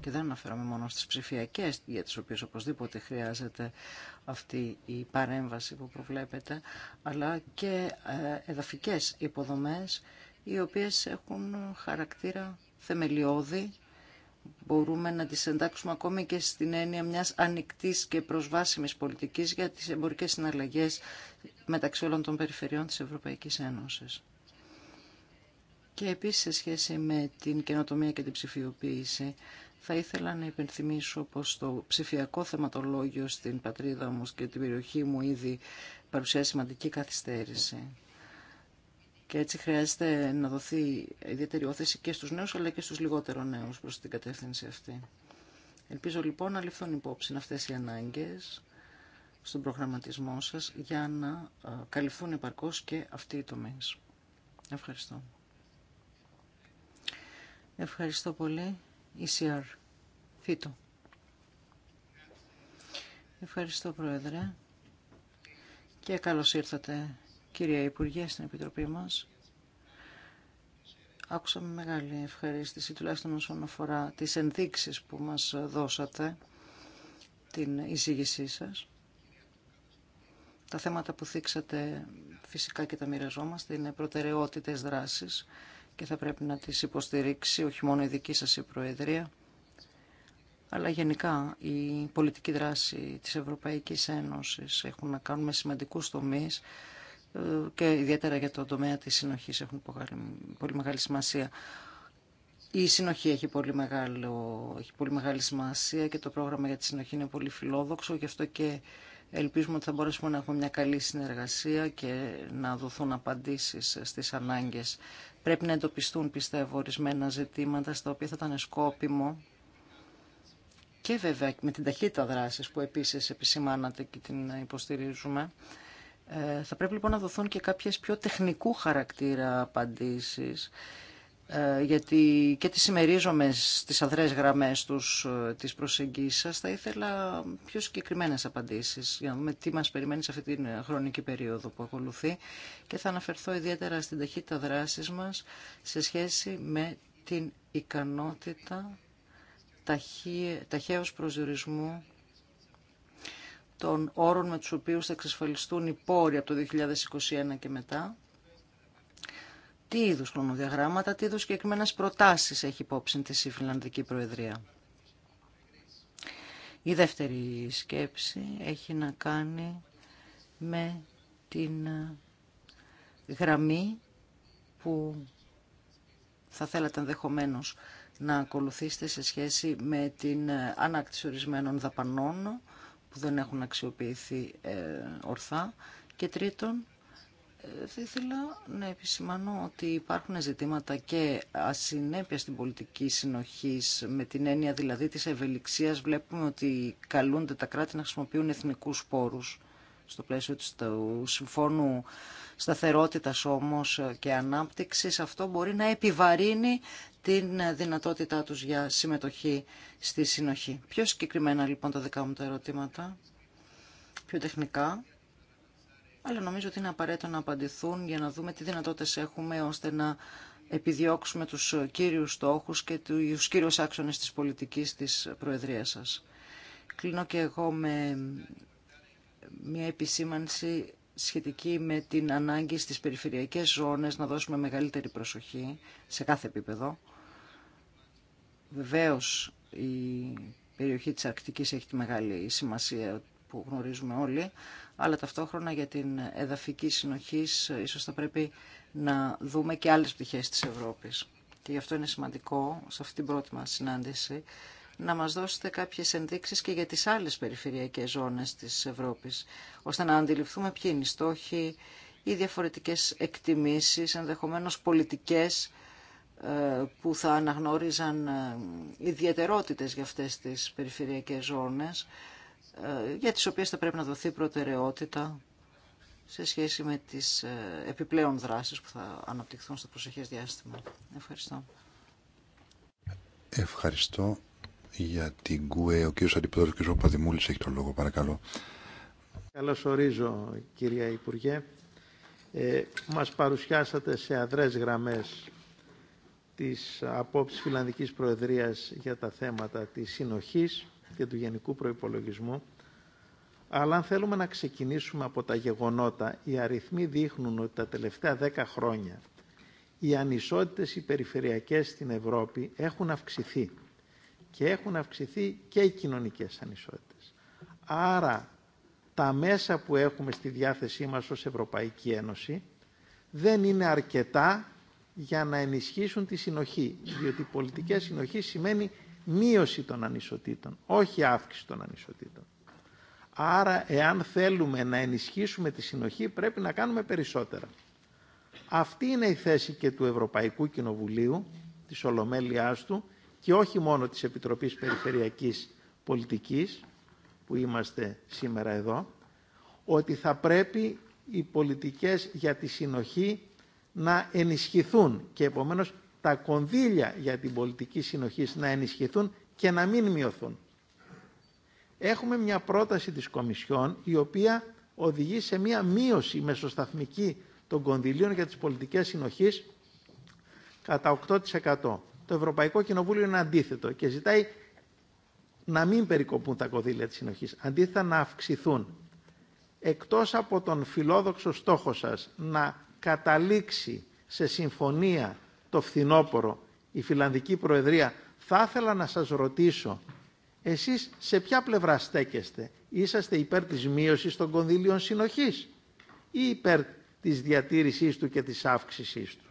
και δεν αναφέραμε μόνο στις ψηφιακές για τις οποίες οπωσδήποτε χρειάζεται αυτή η παρέμβαση που προβλέπετε αλλά και ε, εδαφικές υποδομές οι οποίες έχουν χαρακτήρα θεμελιώδη μπορούμε να τις εντάξουμε ακόμη και στην έννοια μιας ανοιχτής και προσβάσιμης πολιτικής για τις εμπορικές συναλλαγές μεταξύ όλων των περιφερειών της Ευρωπαϊκής Ένωσης. Και επίσης σε σχέση με την καινοτομία και την ψηφιοποίηση, θα ήθελα να υπενθυμίσω πως το ψηφιακό θεματολόγιο στην πατρίδα μου και την περιοχή μου ήδη παρουσιάζει σημαντική καθυστέρηση. Και έτσι χρειάζεται να δοθεί ιδιαίτερη όθεση και στους νέους αλλά και στους λιγότερο νέους προς την κατεύθυνση αυτή. Ελπίζω λοιπόν να ληφθούν υπόψη αυτές οι ανάγκες στον προγραμματισμό σας για να ε, καλυφθούν επαρκώς και αυτοί οι τομείς. Ευχαριστώ. Ευχαριστώ πολύ. ECR. Φίτο. Ευχαριστώ Πρόεδρε. Και καλώς ήρθατε κυρία Υπουργέ στην Επιτροπή μας. Άκουσα με μεγάλη ευχαρίστηση, τουλάχιστον όσον αφορά τις ενδείξεις που μας δώσατε, την εισήγησή σας. Τα θέματα που θίξατε φυσικά και τα μοιραζόμαστε είναι προτεραιότητες δράσης και θα πρέπει να τις υποστηρίξει όχι μόνο η δική σας η Προεδρία, αλλά γενικά η πολιτική δράση της Ευρωπαϊκής Ένωσης έχουν να κάνουν με σημαντικούς τομείς ε, και ιδιαίτερα για το τομέα της συνοχής έχουν πολύ μεγάλη σημασία. Η συνοχή έχει πολύ, μεγάλο, έχει πολύ μεγάλη σημασία και το πρόγραμμα για τη συνοχή είναι πολύ φιλόδοξο, γι' αυτό και Ελπίζουμε ότι θα μπορέσουμε να έχουμε μια καλή συνεργασία και να δοθούν απαντήσεις στις ανάγκες. Πρέπει να εντοπιστούν, πιστεύω, ορισμένα ζητήματα στα οποία θα ήταν σκόπιμο και βέβαια με την ταχύτητα δράσης που επίσης επισημάνατε και την υποστηρίζουμε. Ε, θα πρέπει λοιπόν να δοθούν και κάποιες πιο τεχνικού χαρακτήρα απαντήσεις ε, γιατί και τις συμμερίζομαι στις αδρές γραμμές τους ε, της προσεγγίσης σας, θα ήθελα πιο συγκεκριμένες απαντήσεις για να δούμε τι μας περιμένει σε αυτή την χρονική περίοδο που ακολουθεί και θα αναφερθώ ιδιαίτερα στην ταχύτητα δράσης μας σε σχέση με την ικανότητα ταχαίως προσδιορισμού των όρων με τους οποίους θα εξασφαλιστούν οι πόροι από το 2021 και μετά τι είδους χρονοδιαγράμματα, τι είδους συγκεκριμένε προτάσεις έχει υπόψη της η Φιλανδική Προεδρία. Η δεύτερη σκέψη έχει να κάνει με την ε, γραμμή που θα θέλατε ενδεχομένω να ακολουθήσετε σε σχέση με την ε, ανάκτηση ορισμένων δαπανών που δεν έχουν αξιοποιηθεί ε, ορθά και τρίτον θα ήθελα να επισημάνω ότι υπάρχουν ζητήματα και ασυνέπεια στην πολιτική συνοχή, με την έννοια δηλαδή τη ευελιξίας. Βλέπουμε ότι καλούνται τα κράτη να χρησιμοποιούν εθνικούς πόρους στο πλαίσιο του Συμφώνου Σταθερότητας όμως και Ανάπτυξης. Αυτό μπορεί να επιβαρύνει την δυνατότητά τους για συμμετοχή στη συνοχή. Πιο συγκεκριμένα λοιπόν τα δικά μου τα ερωτήματα, πιο τεχνικά αλλά νομίζω ότι είναι απαραίτητο να απαντηθούν για να δούμε τι δυνατότητες έχουμε ώστε να επιδιώξουμε τους κύριους στόχους και τους κύριους άξονες της πολιτικής της Προεδρίας σας. Κλείνω και εγώ με μια επισήμανση σχετική με την ανάγκη στις περιφερειακές ζώνες να δώσουμε μεγαλύτερη προσοχή σε κάθε επίπεδο. Βεβαίως η περιοχή της Αρκτικής έχει τη μεγάλη σημασία που γνωρίζουμε όλοι, αλλά ταυτόχρονα για την εδαφική συνοχή ίσως θα πρέπει να δούμε και άλλες πτυχές της Ευρώπης. Και γι' αυτό είναι σημαντικό σε αυτή την πρώτη μας συνάντηση να μας δώσετε κάποιες ενδείξεις και για τις άλλες περιφερειακές ζώνες της Ευρώπης, ώστε να αντιληφθούμε ποιοι είναι οι στόχοι ή διαφορετικές εκτιμήσεις, ενδεχομένως πολιτικές ε, που θα αναγνώριζαν ε, ιδιαιτερότητες για αυτές τις περιφερειακές ζώνες ε, για τις οποίες θα πρέπει να δοθεί προτεραιότητα σε σχέση με τις ε, επιπλέον δράσεις που θα αναπτυχθούν στο προσεχές διάστημα. Ευχαριστώ. Ευχαριστώ για την ΚΟΕ. Ο κύριος Αντιπρόεδρος, ο κ. Παδημούλης, έχει τον λόγο. Παρακαλώ. Καλώς ορίζω, κυρία Υπουργέ. Ε, μας παρουσιάσατε σε αδρές γραμμές της απόψεις Φιλανδικής Προεδρίας για τα θέματα της συνοχής και του Γενικού Προϋπολογισμού, αλλά αν θέλουμε να ξεκινήσουμε από τα γεγονότα, οι αριθμοί δείχνουν ότι τα τελευταία 10 χρόνια οι ανισότητες οι περιφερειακές στην Ευρώπη έχουν αυξηθεί και έχουν αυξηθεί και οι κοινωνικές ανισότητες. Άρα τα μέσα που έχουμε στη διάθεσή μας ως Ευρωπαϊκή Ένωση δεν είναι αρκετά για να ενισχύσουν τη συνοχή, διότι η πολιτική συνοχή σημαίνει μείωση των ανισοτήτων, όχι αύξηση των ανισοτήτων. Άρα, εάν θέλουμε να ενισχύσουμε τη συνοχή, πρέπει να κάνουμε περισσότερα. Αυτή είναι η θέση και του Ευρωπαϊκού Κοινοβουλίου, της Ολομέλειάς του και όχι μόνο της Επιτροπής Περιφερειακής Πολιτικής, που είμαστε σήμερα εδώ, ότι θα πρέπει οι πολιτικές για τη συνοχή να ενισχυθούν και επομένως τα κονδύλια για την πολιτική συνοχή να ενισχυθούν και να μην μειωθούν. Έχουμε μια πρόταση της Κομισιόν η οποία οδηγεί σε μια μείωση μεσοσταθμική των κονδυλίων για τις πολιτικές συνοχής κατά 8%. Το Ευρωπαϊκό Κοινοβούλιο είναι αντίθετο και ζητάει να μην περικοπούν τα κονδύλια της συνοχής, αντίθετα να αυξηθούν. Εκτός από τον φιλόδοξο στόχο σας να καταλήξει σε συμφωνία το φθινόπωρο η Φιλανδική Προεδρία, θα ήθελα να σας ρωτήσω, εσείς σε ποια πλευρά στέκεστε, είσαστε υπέρ της μείωσης των κονδύλιων συνοχής ή υπέρ της διατήρησής του και της αύξησής του.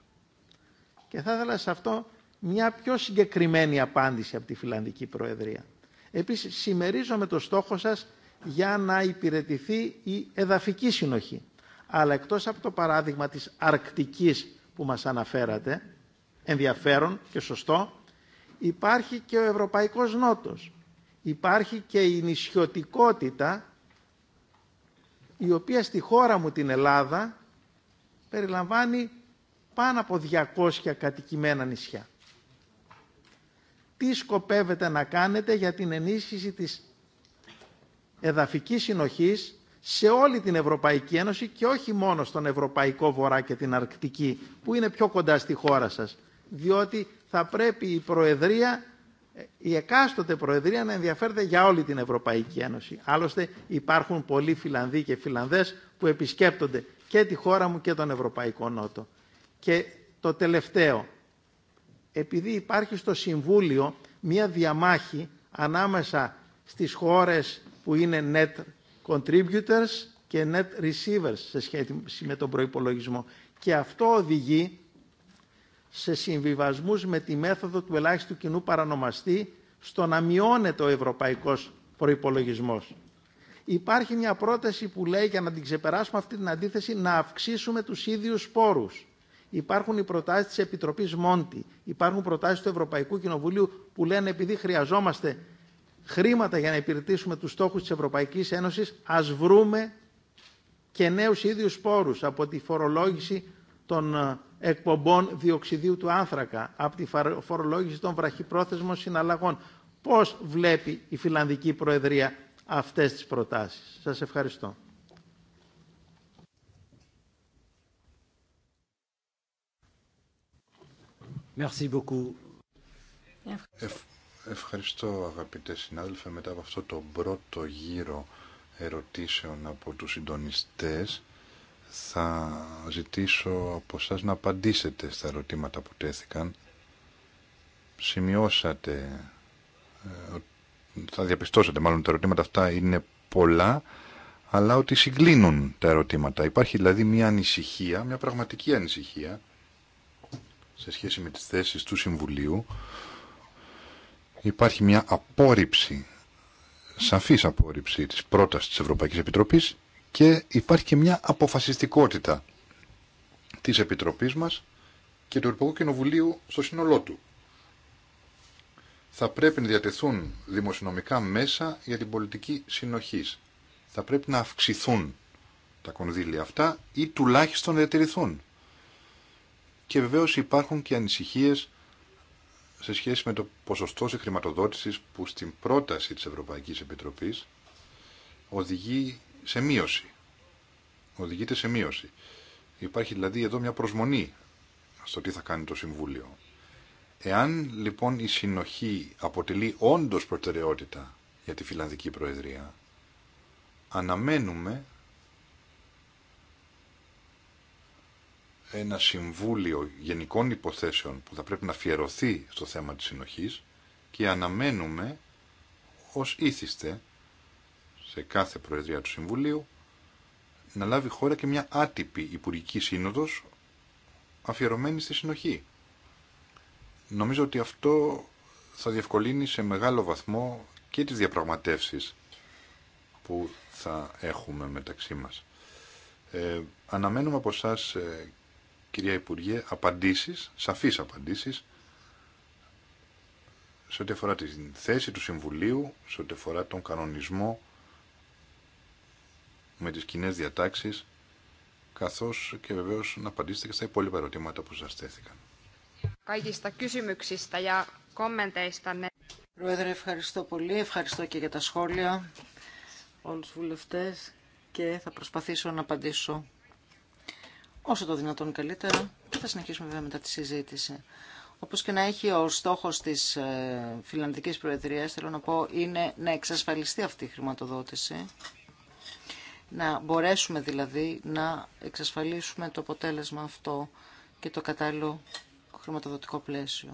Και θα ήθελα σε αυτό μια πιο συγκεκριμένη απάντηση από τη Φιλανδική Προεδρία. Επίσης, συμμερίζομαι το στόχο σας για να υπηρετηθεί η εδαφική συνοχή. Αλλά εκτός από το παράδειγμα της Αρκτικής που μας αναφέρατε, ενδιαφέρον και σωστό, υπάρχει και ο Ευρωπαϊκός Νότος. Υπάρχει και η νησιωτικότητα, η οποία στη χώρα μου την Ελλάδα περιλαμβάνει πάνω από 200 κατοικημένα νησιά. Τι σκοπεύετε να κάνετε για την ενίσχυση της εδαφικής συνοχής σε όλη την Ευρωπαϊκή Ένωση και όχι μόνο στον Ευρωπαϊκό Βορρά και την Αρκτική, που είναι πιο κοντά στη χώρα σας διότι θα πρέπει η Προεδρία, η εκάστοτε Προεδρία να ενδιαφέρεται για όλη την Ευρωπαϊκή Ένωση. Άλλωστε υπάρχουν πολλοί Φιλανδοί και Φιλανδές που επισκέπτονται και τη χώρα μου και τον Ευρωπαϊκό Νότο. Και το τελευταίο, επειδή υπάρχει στο Συμβούλιο μία διαμάχη ανάμεσα στις χώρες που είναι net contributors και net receivers σε σχέση με τον προϋπολογισμό. Και αυτό οδηγεί σε συμβιβασμούς με τη μέθοδο του ελάχιστου κοινού παρανομαστή στο να μειώνεται ο ευρωπαϊκός προϋπολογισμός. Υπάρχει μια πρόταση που λέει για να την ξεπεράσουμε αυτή την αντίθεση να αυξήσουμε τους ίδιους πόρους. Υπάρχουν οι προτάσει της Επιτροπής Μόντι, υπάρχουν προτάσεις του Ευρωπαϊκού Κοινοβουλίου που λένε επειδή χρειαζόμαστε χρήματα για να υπηρετήσουμε τους στόχους της Ευρωπαϊκής Ένωσης, ας βρούμε και νέου ίδιου πόρου από τη φορολόγηση των ε, εκπομπών διοξιδίου του άνθρακα από τη φορολόγηση των βραχυπρόθεσμων συναλλαγών. Πώς βλέπει η Φιλανδική Προεδρία αυτές τις προτάσεις. Σας ευχαριστώ. Merci Ευχαριστώ. ευχαριστώ αγαπητέ συνάδελφε μετά από αυτό το πρώτο γύρο ερωτήσεων από τους συντονιστές θα ζητήσω από σας να απαντήσετε στα ερωτήματα που τέθηκαν. Σημειώσατε, ε, θα διαπιστώσετε μάλλον τα ερωτήματα αυτά είναι πολλά, αλλά ότι συγκλίνουν τα ερωτήματα. Υπάρχει δηλαδή μια ανησυχία, μια πραγματική ανησυχία, σε σχέση με τις θέσεις του Συμβουλίου, υπάρχει μια απόρριψη, σαφής απόρριψη της πρότασης της Ευρωπαϊκής Επιτροπής και υπάρχει και μια αποφασιστικότητα της Επιτροπής μας και του Ευρωπαϊκού Κοινοβουλίου στο σύνολό του. Θα πρέπει να διατεθούν δημοσιονομικά μέσα για την πολιτική συνοχής. Θα πρέπει να αυξηθούν τα κονδύλια αυτά ή τουλάχιστον να διατηρηθούν. Και βεβαίως υπάρχουν και ανησυχίες σε σχέση με το ποσοστό της χρηματοδότησης που στην πρόταση της Ευρωπαϊκής Επιτροπής οδηγεί σε μείωση. Οδηγείται σε μείωση. Υπάρχει δηλαδή εδώ μια προσμονή στο τι θα κάνει το Συμβούλιο. Εάν λοιπόν η συνοχή αποτελεί όντως προτεραιότητα για τη Φιλανδική Προεδρία, αναμένουμε ένα Συμβούλιο Γενικών Υποθέσεων που θα πρέπει να αφιερωθεί στο θέμα της συνοχής και αναμένουμε ως ήθιστε σε κάθε Προεδρία του Συμβουλίου να λάβει χώρα και μια άτυπη Υπουργική Σύνοδος αφιερωμένη στη συνοχή. Νομίζω ότι αυτό θα διευκολύνει σε μεγάλο βαθμό και τις διαπραγματεύσεις που θα έχουμε μεταξύ μας. Ε, αναμένουμε από εσά, ε, κυρία Υπουργέ, απαντήσεις, σαφείς απαντήσεις, σε ό,τι αφορά τη θέση του Συμβουλίου, σε ό,τι αφορά τον κανονισμό με τις κοινέ διατάξεις καθώς και βεβαίως να απαντήσετε και στα υπόλοιπα ερωτήματα που σας θέθηκαν. Πρόεδρε, ευχαριστώ πολύ. Ευχαριστώ και για τα σχόλια όλους τους βουλευτές και θα προσπαθήσω να απαντήσω όσο το δυνατόν καλύτερα και θα συνεχίσουμε βέβαια μετά τη συζήτηση. Όπως και να έχει ο στόχος της ε, Φιλανδικής Προεδρίας, θέλω να πω, είναι να εξασφαλιστεί αυτή η χρηματοδότηση να μπορέσουμε δηλαδή να εξασφαλίσουμε το αποτέλεσμα αυτό και το κατάλληλο χρηματοδοτικό πλαίσιο.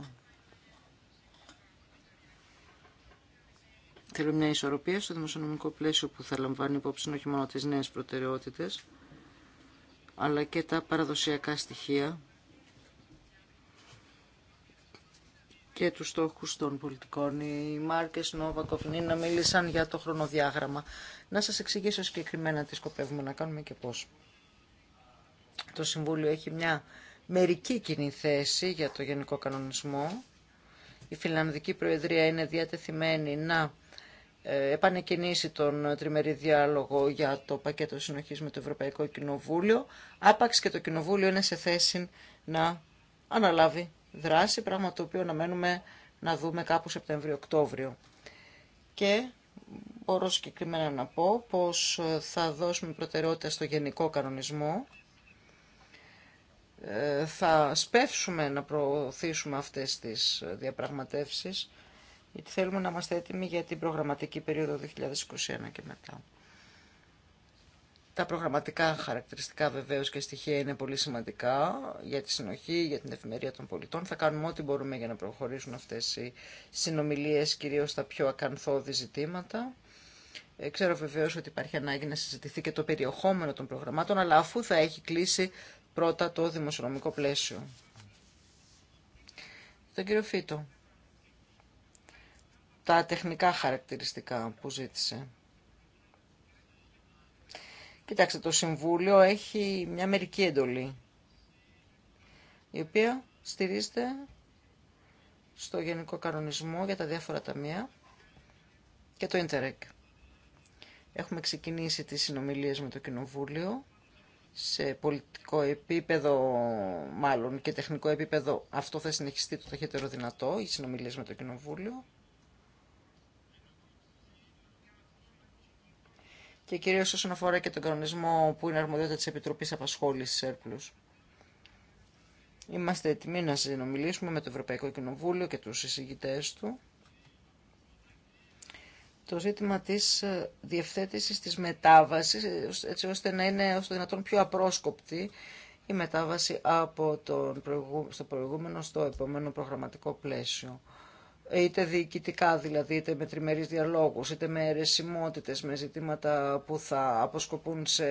Θέλω μια ισορροπία στο δημοσιονομικό πλαίσιο που θα λαμβάνει υπόψη όχι μόνο τις νέες προτεραιότητες, αλλά και τα παραδοσιακά στοιχεία και τους στόχους των πολιτικών. Οι Μάρκες Νόβα, να μίλησαν για το χρονοδιάγραμμα. Να σας εξηγήσω συγκεκριμένα τι σκοπεύουμε να κάνουμε και πώς. Το Συμβούλιο έχει μια μερική κοινή θέση για το Γενικό Κανονισμό. Η Φιλανδική Προεδρία είναι διατεθειμένη να ε, επανεκκινήσει τον τριμερή διάλογο για το πακέτο συνοχής με το Ευρωπαϊκό Κοινοβούλιο, άπαξ και το Κοινοβούλιο είναι σε θέση να αναλάβει δράση, πράγμα το οποίο αναμένουμε να δούμε κάπου Σεπτέμβριο-Οκτώβριο. Και μπορώ συγκεκριμένα να πω πως ε, θα δώσουμε προτεραιότητα στο γενικό κανονισμό, ε, θα σπεύσουμε να προωθήσουμε αυτές τις ε, διαπραγματεύσεις, γιατί θέλουμε να είμαστε έτοιμοι για την προγραμματική περίοδο 2021 και μετά. Τα προγραμματικά χαρακτηριστικά βεβαίω και στοιχεία είναι πολύ σημαντικά για τη συνοχή, για την ευημερία των πολιτών. Θα κάνουμε ό,τι μπορούμε για να προχωρήσουν αυτέ οι συνομιλίε, κυρίω στα πιο ακανθώδη ζητήματα. Ε, ξέρω βεβαίω ότι υπάρχει ανάγκη να συζητηθεί και το περιεχόμενο των προγραμμάτων, αλλά αφού θα έχει κλείσει πρώτα το δημοσιονομικό πλαίσιο. Τον κύριο Φίτο. Τα τεχνικά χαρακτηριστικά που ζήτησε. Κοιτάξτε, το Συμβούλιο έχει μια μερική εντολή, η οποία στηρίζεται στο Γενικό Κανονισμό για τα διάφορα ταμεία και το Ιντερεκ. Έχουμε ξεκινήσει τις συνομιλίες με το Κοινοβούλιο σε πολιτικό επίπεδο, μάλλον και τεχνικό επίπεδο. Αυτό θα συνεχιστεί το ταχύτερο δυνατό, οι συνομιλίες με το Κοινοβούλιο. και κυρίως όσον αφορά και τον κανονισμό που είναι αρμοδιότητα τη Επιτροπής απασχόληση Έρπλους. Είμαστε έτοιμοι να συνομιλήσουμε με το Ευρωπαϊκό Κοινοβούλιο και τους συζητητέ του. Το ζήτημα της ε, διευθέτησης της μετάβασης, ε, έτσι ώστε να είναι όσο δυνατόν πιο απρόσκοπτη η μετάβαση από τον προηγού στο προηγούμενο στο επόμενο προγραμματικό πλαίσιο είτε διοικητικά δηλαδή, είτε με τριμερείς διαλόγους, είτε με αιρεσιμότητες, με ζητήματα που θα αποσκοπούν σε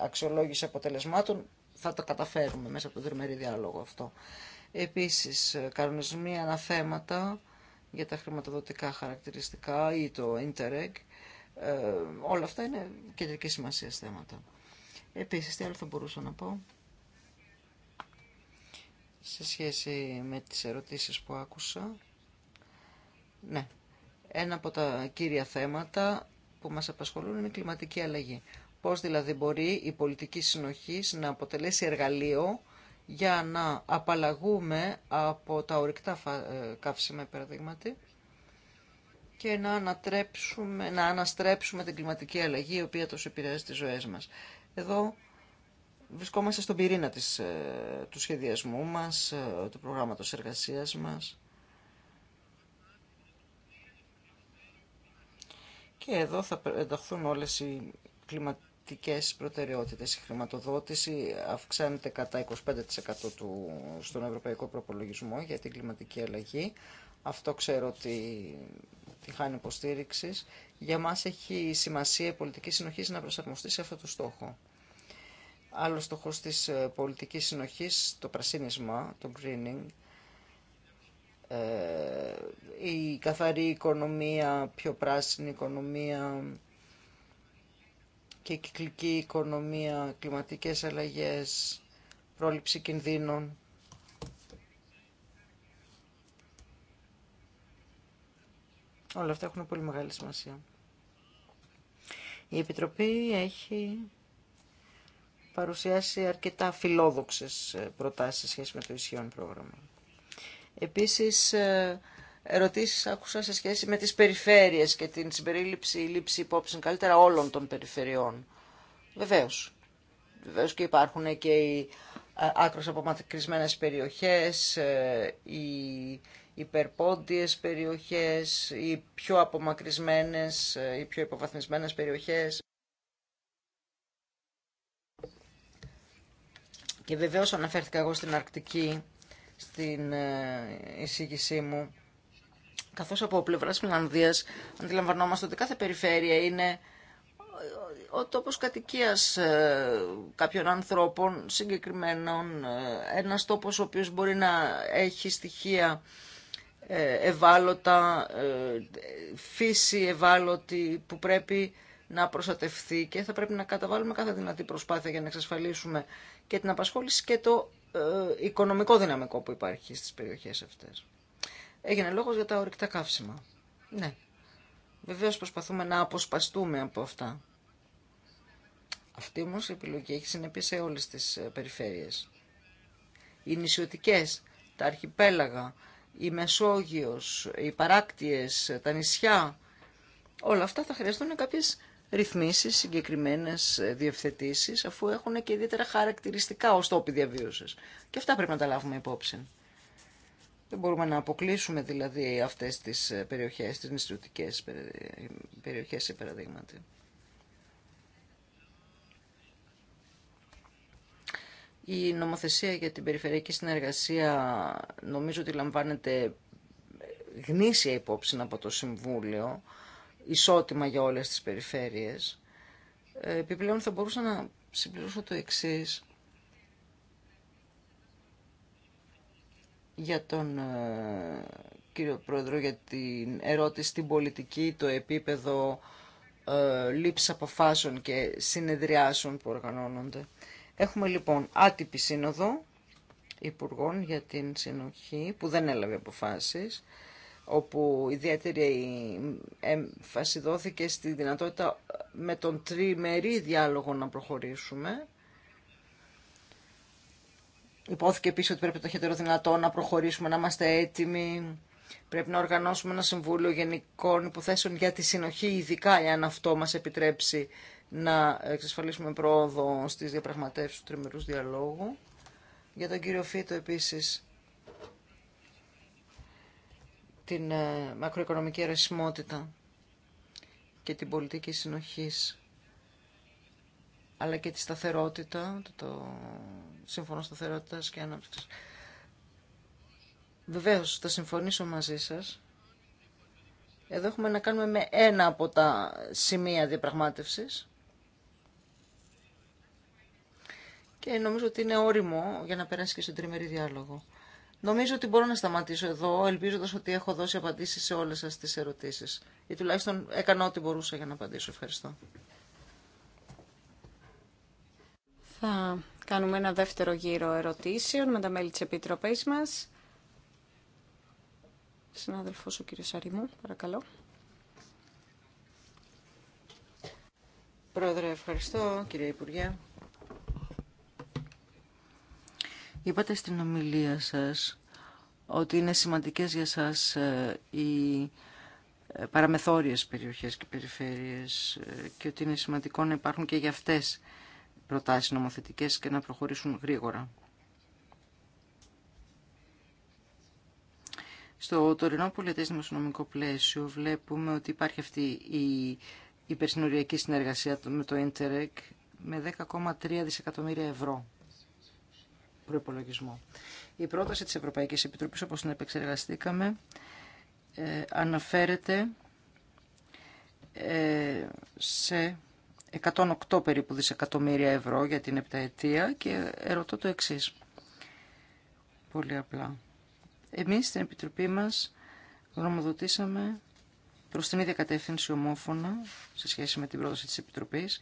αξιολόγηση αποτελεσμάτων, θα τα καταφέρουμε μέσα από τον τριμερή διάλογο αυτό. Επίσης, κανονισμοί αναθέματα για τα χρηματοδοτικά χαρακτηριστικά ή το Interreg, ε, όλα αυτά είναι κεντρική σημασία θέματα. Επίσης, τι άλλο θα μπορούσα να πω σε σχέση με τις ερωτήσεις που άκουσα. Ναι, ένα από τα κύρια θέματα που μας απασχολούν είναι η κλιματική αλλαγή. Πώς δηλαδή μπορεί η πολιτική συνοχή να αποτελέσει εργαλείο για να απαλλαγούμε από τα ορυκτά ε, καύσιμα, παραδείγματι, και να, ανατρέψουμε, να αναστρέψουμε την κλιματική αλλαγή η οποία τόσο επηρεάζει τις ζωές μας. Εδώ βρισκόμαστε στον πυρήνα της, ε, του σχεδιασμού μας, ε, του προγράμματος εργασίας μας Και εδώ θα ενταχθούν όλες οι κλιματικές προτεραιότητες. Η χρηματοδότηση αυξάνεται κατά 25% του, στον ευρωπαϊκό προπολογισμό για την κλιματική αλλαγή. Αυτό ξέρω ότι τη χάνει υποστήριξη. Για μας έχει σημασία η πολιτική συνοχή να προσαρμοστεί σε αυτό το στόχο. Άλλο στόχος της ε, πολιτικής συνοχής, το πρασίνισμα, το greening, ε, η καθαρή οικονομία, πιο πράσινη οικονομία και κυκλική οικονομία, κλιματικές αλλαγές, πρόληψη κινδύνων. Όλα αυτά έχουν πολύ μεγάλη σημασία. Η Επιτροπή έχει παρουσιάσει αρκετά φιλόδοξες προτάσεις σε σχέση με το ισχυρό πρόγραμμα. Επίσης, ε, ερωτήσεις άκουσα σε σχέση με τις περιφέρειες και την συμπερίληψη ή λήψη υπόψη καλύτερα όλων των περιφερειών. Βεβαίως. Βεβαίως και υπάρχουν και οι ε, άκρως απομακρυσμένες περιοχές, ε, οι υπερπόντιες περιοχές, οι πιο απομακρυσμένες, οι πιο υποβαθμισμένες περιοχές. Και βεβαίως αναφέρθηκα εγώ στην Αρκτική στην ε, εισήγησή μου. Καθώς από πλευρά Φιλανδία αντιλαμβανόμαστε ότι κάθε περιφέρεια είναι ε, ο τόπος κατοικίας ε, κάποιων ανθρώπων συγκεκριμένων, ένας τόπος ο οποίος μπορεί να έχει στοιχεία ευάλωτα, φύση ευάλωτη που πρέπει να προστατευθεί και θα πρέπει να καταβάλουμε κάθε δυνατή προσπάθεια για να εξασφαλίσουμε και την απασχόληση και το ε, οικονομικό δυναμικό που υπάρχει στις περιοχές αυτές. Έγινε λόγος για τα ορυκτά καύσιμα. Ναι. Βεβαίως προσπαθούμε να αποσπαστούμε από αυτά. Αυτή όμως η επιλογή έχει συνεπεί σε όλες τις ε, περιφέρειες. Οι νησιωτικές, τα αρχιπέλαγα, η Μεσόγειος, οι παράκτιες, τα νησιά, όλα αυτά θα χρειαστούν κάποιες ρυθμίσεις, συγκεκριμένες ε, διευθετήσεις, αφού έχουν και ιδιαίτερα χαρακτηριστικά ως τόποι διαβίωσης. Και αυτά πρέπει να τα λάβουμε υπόψη. Δεν μπορούμε να αποκλείσουμε δηλαδή αυτές τις ε, περιοχές, τις νησιωτικές περιοχές, σε παραδείγματι. Η νομοθεσία για την περιφερειακή συνεργασία νομίζω ότι λαμβάνεται ε, γνήσια υπόψη από το Συμβούλιο ισότιμα για όλες τις περιφέρειες. Ε, επιπλέον θα μπορούσα να συμπληρώσω το εξής. Για τον ε, κύριο Πρόεδρο, για την ερώτηση στην πολιτική, το επίπεδο ε, λήψη αποφάσεων και συνεδριάσεων που οργανώνονται. Έχουμε λοιπόν άτυπη σύνοδο υπουργών για την συνοχή που δεν έλαβε αποφάσεις όπου ιδιαίτερη έμφαση δόθηκε στη δυνατότητα με τον τριμερή διάλογο να προχωρήσουμε. Υπόθηκε επίσης ότι πρέπει το χέτερο δυνατό να προχωρήσουμε, να είμαστε έτοιμοι. Πρέπει να οργανώσουμε ένα Συμβούλιο Γενικών Υποθέσεων για τη συνοχή, ειδικά εάν αυτό μας επιτρέψει να εξασφαλίσουμε πρόοδο στις διαπραγματεύσεις του τριμερούς διαλόγου. Για τον κύριο Φίτο επίσης την ε, μακροοικονομική αιρεσιμότητα και την πολιτική συνοχής αλλά και τη σταθερότητα, το, το σύμφωνο σταθερότητας και ανάπτυξης. Βεβαίως, θα συμφωνήσω μαζί σας. Εδώ έχουμε να κάνουμε με ένα από τα σημεία διαπραγμάτευσης. Και νομίζω ότι είναι όριμο για να περάσει και στον τριμερή διάλογο. Νομίζω ότι μπορώ να σταματήσω εδώ, ελπίζοντα ότι έχω δώσει απαντήσει σε όλε σα τι ερωτήσει. Ή τουλάχιστον έκανα ό,τι μπορούσα για να απαντήσω. Ευχαριστώ. Θα κάνουμε ένα δεύτερο γύρο ερωτήσεων με τα μέλη της Επιτροπής μας. Συνάδελφος ο κύριος Αρήμου, παρακαλώ. Πρόεδρε, ευχαριστώ κύριε Υπουργέ. Είπατε στην ομιλία σας ότι είναι σημαντικές για σας ε, οι ε, παραμεθόριες περιοχές και περιφέρειες ε, και ότι είναι σημαντικό να υπάρχουν και για αυτές προτάσεις νομοθετικές και να προχωρήσουν γρήγορα. Στο τωρινό πολιτές δημοσιονομικό πλαίσιο βλέπουμε ότι υπάρχει αυτή η υπερσυνοριακή συνεργασία με το Interreg με 10,3 δισεκατομμύρια ευρώ η πρόταση της Ευρωπαϊκής Επιτροπής, όπως την επεξεργαστήκαμε, ε, αναφέρεται ε, σε 108 περίπου δισεκατομμύρια ευρώ για την επταετία και ερωτώ το εξής. Πολύ απλά. Εμείς στην Επιτροπή μας γνωμοδοτήσαμε προς την ίδια κατεύθυνση ομόφωνα σε σχέση με την πρόταση της Επιτροπής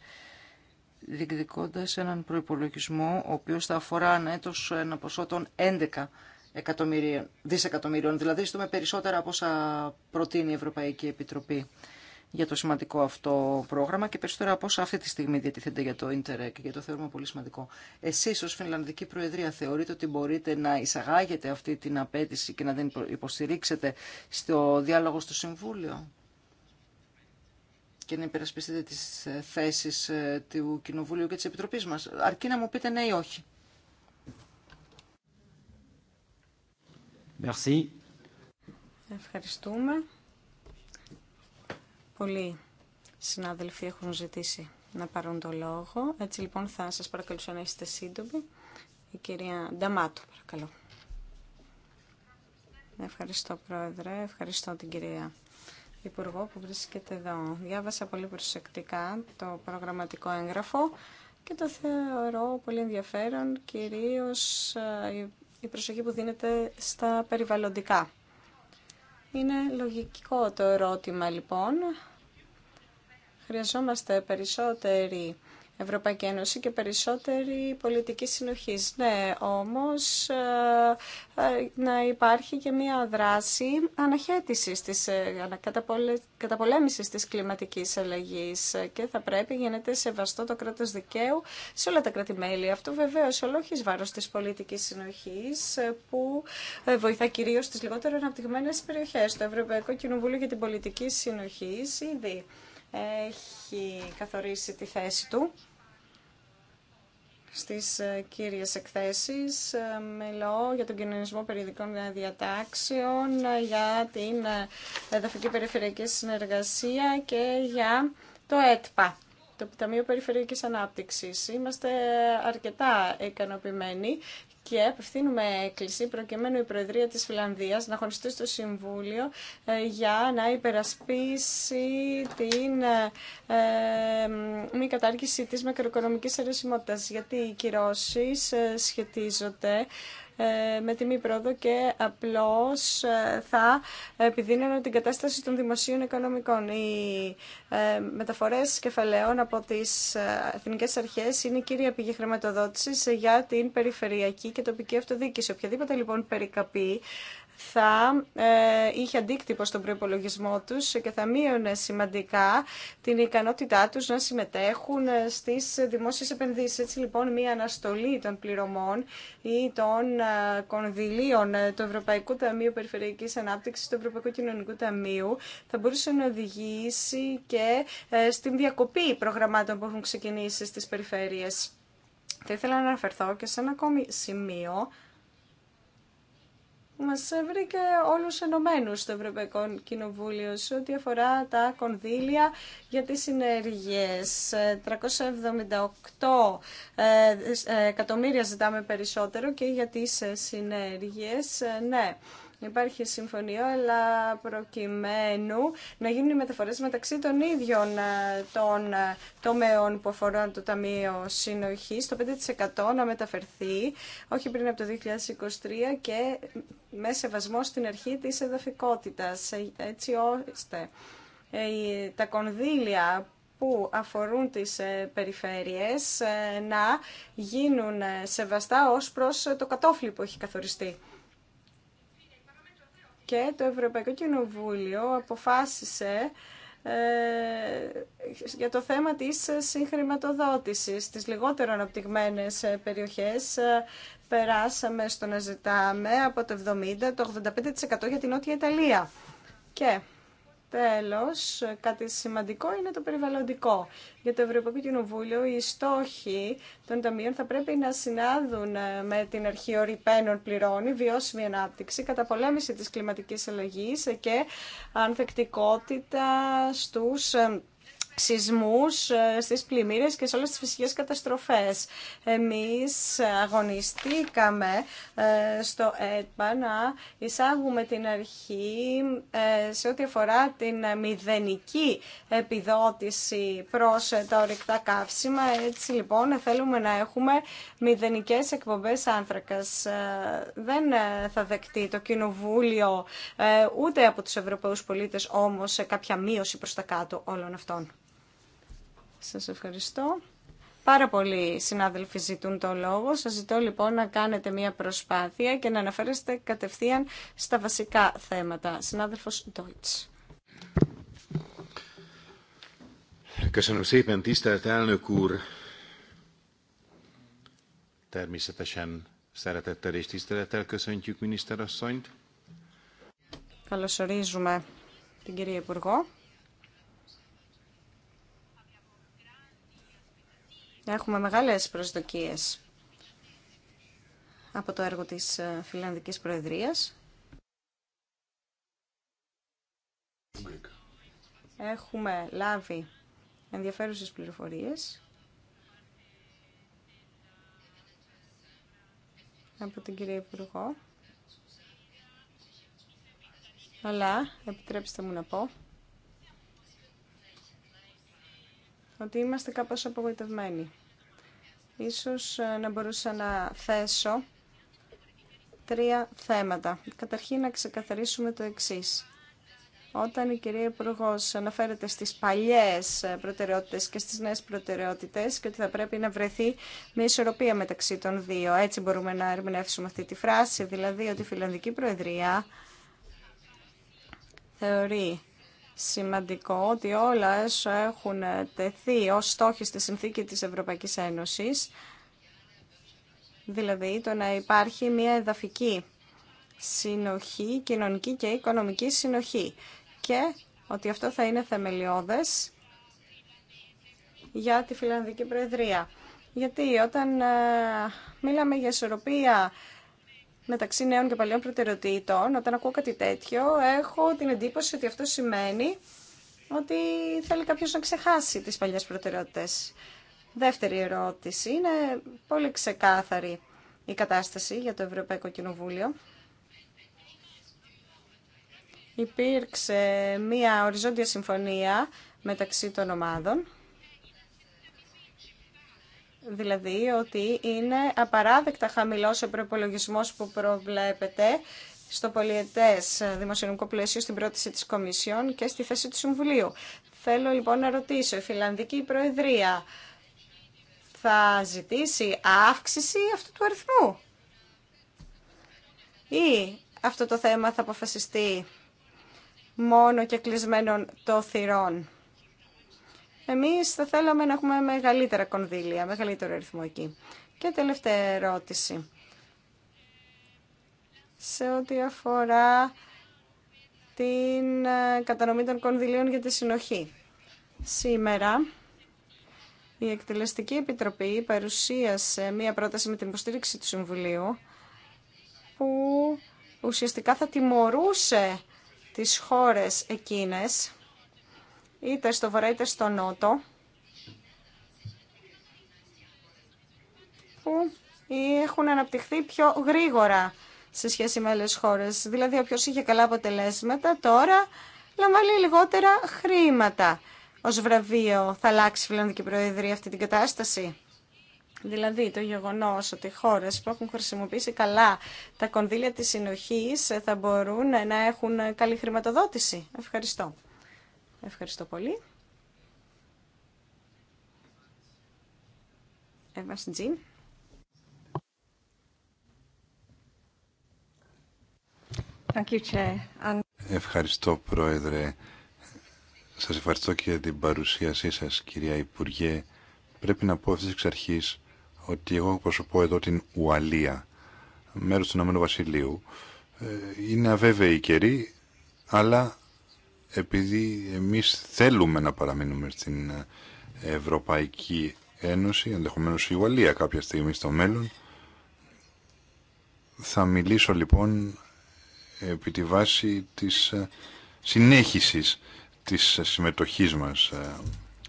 διεκδικώντας έναν προϋπολογισμό ο οποίος θα αφορά ένα έτο ένα ποσό των 11 εκατομμυρίων, δισεκατομμυρίων, δηλαδή ζητούμε περισσότερα από όσα προτείνει η Ευρωπαϊκή Επιτροπή για το σημαντικό αυτό πρόγραμμα και περισσότερα από όσα αυτή τη στιγμή διατίθενται για το Ιντερεκ και για το θεωρούμε πολύ σημαντικό. Εσεί ω Φινλανδική Προεδρία θεωρείτε ότι μπορείτε να εισαγάγετε αυτή την απέτηση και να την υποστηρίξετε στο διάλογο στο Συμβούλιο και να υπερασπιστείτε τι ε, θέσει ε, του Κοινοβουλίου και της Επιτροπής μας. Αρκεί να μου πείτε ναι ή όχι. Merci. Ευχαριστούμε. Πολλοί συνάδελφοι έχουν ζητήσει να πάρουν το λόγο. Έτσι λοιπόν θα σας παρακαλούσα να είστε σύντομοι. Η κυρία Νταμάτου, παρακαλώ. Ευχαριστώ Πρόεδρε, ευχαριστώ την κυρία Υπουργό που βρίσκεται εδώ. Διάβασα πολύ προσεκτικά το προγραμματικό έγγραφο και το θεωρώ πολύ ενδιαφέρον, κυρίως ε, η προσοχή που δίνεται στα περιβαλλοντικά. Είναι λογικό το ερώτημα λοιπόν. Χρειαζόμαστε περισσότερη Ευρωπαϊκή Ένωση και περισσότερη πολιτική συνοχή. Ναι, όμως ε, ε, να υπάρχει και μια δράση αναχέτησης της ε, καταπολέμησης της κλιματικής αλλαγής και θα πρέπει γίνεται σεβαστό το κράτο δικαίου σε όλα τα κράτη-μέλη. Αυτό βεβαίως ολόχης βάρος της πολιτικής συνοχής που βοηθά κυρίως τι λιγότερο αναπτυγμένε περιοχέ. Το Ευρωπαϊκό Κοινοβούλιο για την Πολιτική Συνοχή ήδη έχει καθορίσει τη θέση του στις ε, κύριες εκθέσεις. Ε, μιλώ για τον κοινωνισμό περιοδικών διατάξεων, ε, για την εδαφική περιφερειακή συνεργασία και για το ΕΤΠΑ, το Ταμείο Περιφερειακής Ανάπτυξης. Είμαστε αρκετά ικανοποιημένοι και απευθύνουμε έκκληση προκειμένου η Προεδρία της Φιλανδίας να χωριστεί στο Συμβούλιο ε, για να υπερασπίσει την ε, ε, μη κατάργηση της μακροοικονομικής αιρεσιμότητας γιατί οι κυρώσεις σχετίζονται ε, με τιμή πρόοδο και απλώς ε, θα επιδίνουν την κατάσταση των δημοσίων οικονομικών. Οι ε, μεταφορές κεφαλαίων από τις εθνικές αρχές είναι η κύρια πηγή χρηματοδότησης για την περιφερειακή και τοπική αυτοδιοίκηση. Οποιαδήποτε λοιπόν περικαπή θα ε, είχε αντίκτυπο στον προπολογισμό τους και θα μείωνε σημαντικά την ικανότητά τους να συμμετέχουν ε, στις δημόσιες επενδύσεις. Έτσι λοιπόν μια αναστολή των πληρωμών ή των ε, κονδυλίων του Ευρωπαϊκού Ταμείου Περιφερειακής Ανάπτυξης, του Ευρωπαϊκού Κοινωνικού Ταμείου θα μπορούσε να οδηγήσει και στην διακοπή προγραμμάτων που έχουν ξεκινήσει στι περιφέρειες. Θα ήθελα να αναφερθώ και σε ένα ακόμη σημείο μας βρήκε όλους ενωμένους στο Ευρωπαϊκό Κοινοβούλιο σε ό,τι αφορά τα κονδύλια για τις συνέργειες. 378 ε, ε, εκατομμύρια ζητάμε περισσότερο και για τις ε, συνέργειες. ναι. Υπάρχει συμφωνία, αλλά προκειμένου να γίνουν οι μεταφορέ μεταξύ των ίδιων ε, των ε, τομέων που αφορούν το Ταμείο συνοχή το 5% να μεταφερθεί, όχι πριν από το 2023 και με σεβασμό στην αρχή της εδαφικότητας, ε, έτσι ώστε τα κονδύλια που αφορούν τις περιφέρειες να γίνουν σεβαστά ως προς το κατόφλι που έχει καθοριστεί και το Ευρωπαϊκό Κοινοβούλιο αποφάσισε ε, για το θέμα της συγχρηματοδότησης στις λιγότερο αναπτυγμένες ε, περιοχές ε, περάσαμε στο να ζητάμε από το 70% το 85% για την Νότια Ιταλία. Και Τέλος, κάτι σημαντικό είναι το περιβαλλοντικό. Για το Ευρωπαϊκό Κοινοβούλιο οι στόχοι των ταμείων θα πρέπει να συνάδουν ε, με την αρχή ορυπαίνων πληρώνει, βιώσιμη ανάπτυξη, καταπολέμηση της κλιματικής αλλαγής και ανθεκτικότητα στους ε, ξυσμούς, ε, στις πλημμύρες και σε όλες τις φυσικές καταστροφές. Εμείς αγωνιστήκαμε ε, στο ΕΤΠΑ να εισάγουμε την αρχή ε, σε ό,τι αφορά την μηδενική επιδότηση προς τα ορυκτά καύσιμα. Έτσι λοιπόν θέλουμε να έχουμε μηδενικές εκπομπές άνθρακας. Δεν θα δεκτεί το Κοινοβούλιο ούτε από τους Ευρωπαίους πολίτες όμως κάποια μείωση προς τα κάτω όλων αυτών. Σας ευχαριστώ. Πάρα πολλοί συνάδελφοι ζητούν το λόγο. Σας ζητώ λοιπόν να κάνετε μια προσπάθεια και να αναφέρεστε κατευθείαν στα βασικά θέματα. Συνάδελφος Ντόιτς. Καλωσορίζουμε την κυρία Υπουργό. Έχουμε μεγάλες προσδοκίες από το έργο της ε, Φιλανδικής Προεδρίας. Έχουμε λάβει ενδιαφέρουσες πληροφορίες από την κυρία Υπουργό. Αλλά επιτρέψτε μου να πω ότι είμαστε κάπως απογοητευμένοι. Ίσως ε, να μπορούσα να θέσω τρία θέματα. Καταρχήν να ξεκαθαρίσουμε το εξής. Όταν η κυρία Υπουργό αναφέρεται στις παλιές ε, προτεραιότητες και στις νέες προτεραιότητες και ότι θα πρέπει να βρεθεί μια ισορροπία μεταξύ των δύο. Έτσι μπορούμε να ερμηνεύσουμε αυτή τη φράση, δηλαδή ότι η Φιλανδική Προεδρία θεωρεί σημαντικό ότι όλα έχουν τεθεί ως στόχοι στη συνθήκη της Ευρωπαϊκής Ένωσης, δηλαδή το να υπάρχει μια εδαφική συνοχή, κοινωνική και οικονομική συνοχή και ότι αυτό θα είναι θεμελιώδες για τη Φιλανδική Προεδρία. Γιατί όταν ε, μιλάμε για ισορροπία μεταξύ νέων και παλιών προτεραιοτήτων, όταν ακούω κάτι τέτοιο, έχω την εντύπωση ότι αυτό σημαίνει ότι θέλει κάποιο να ξεχάσει τις παλιές προτεραιότητες. Δεύτερη ερώτηση. Είναι πολύ ξεκάθαρη η κατάσταση για το Ευρωπαϊκό Κοινοβούλιο. Υπήρξε μία οριζόντια συμφωνία μεταξύ των ομάδων δηλαδή ότι είναι απαράδεκτα χαμηλός ο προπολογισμό που προβλέπεται στο πολιετές δημοσιονομικό πλαίσιο στην πρόταση της Κομισιόν και στη θέση του Συμβουλίου. Θέλω λοιπόν να ρωτήσω, η Φιλανδική Προεδρία θα ζητήσει αύξηση αυτού του αριθμού ή αυτό το θέμα θα αποφασιστεί μόνο και κλεισμένων το θυρών. Εμείς θα θέλαμε να έχουμε μεγαλύτερα κονδύλια, μεγαλύτερο αριθμό εκεί. Και τελευταία ερώτηση. Σε ό,τι αφορά την ε, κατανομή των κονδυλίων για τη συνοχή. Σήμερα η Εκτελεστική Επιτροπή παρουσίασε μία πρόταση με την υποστήριξη του Συμβουλίου που ουσιαστικά θα τιμωρούσε τις χώρες εκείνες είτε στο βορρά είτε στο νότο, που έχουν αναπτυχθεί πιο γρήγορα σε σχέση με άλλες χώρες. Δηλαδή, όποιος είχε καλά αποτελέσματα, τώρα λαμβάνει λιγότερα χρήματα ως βραβείο. Θα αλλάξει η Φιλανδική Προεδρία αυτή την κατάσταση. Δηλαδή το γεγονός ότι οι χώρες που έχουν χρησιμοποιήσει καλά τα κονδύλια της συνοχής θα μπορούν να έχουν καλή χρηματοδότηση. Ευχαριστώ. Ευχαριστώ πολύ. πολύ. Ευχαριστώ Πρόεδρε. Σας ευχαριστώ και την παρουσίασή σας κυρία Υπουργέ. Πρέπει να πω αυτής εξ αρχής ότι εγώ προσωπώ εδώ την Ουαλία, μέρος του Ηνωμένου Βασιλείου. Ε, είναι αβέβαιη η καιρή, αλλά επειδή εμείς θέλουμε να παραμείνουμε στην Ευρωπαϊκή Ένωση, ενδεχομένως η Ιουαλία κάποια στιγμή στο μέλλον, θα μιλήσω λοιπόν επί τη βάση της συνέχισης της συμμετοχής μας ε,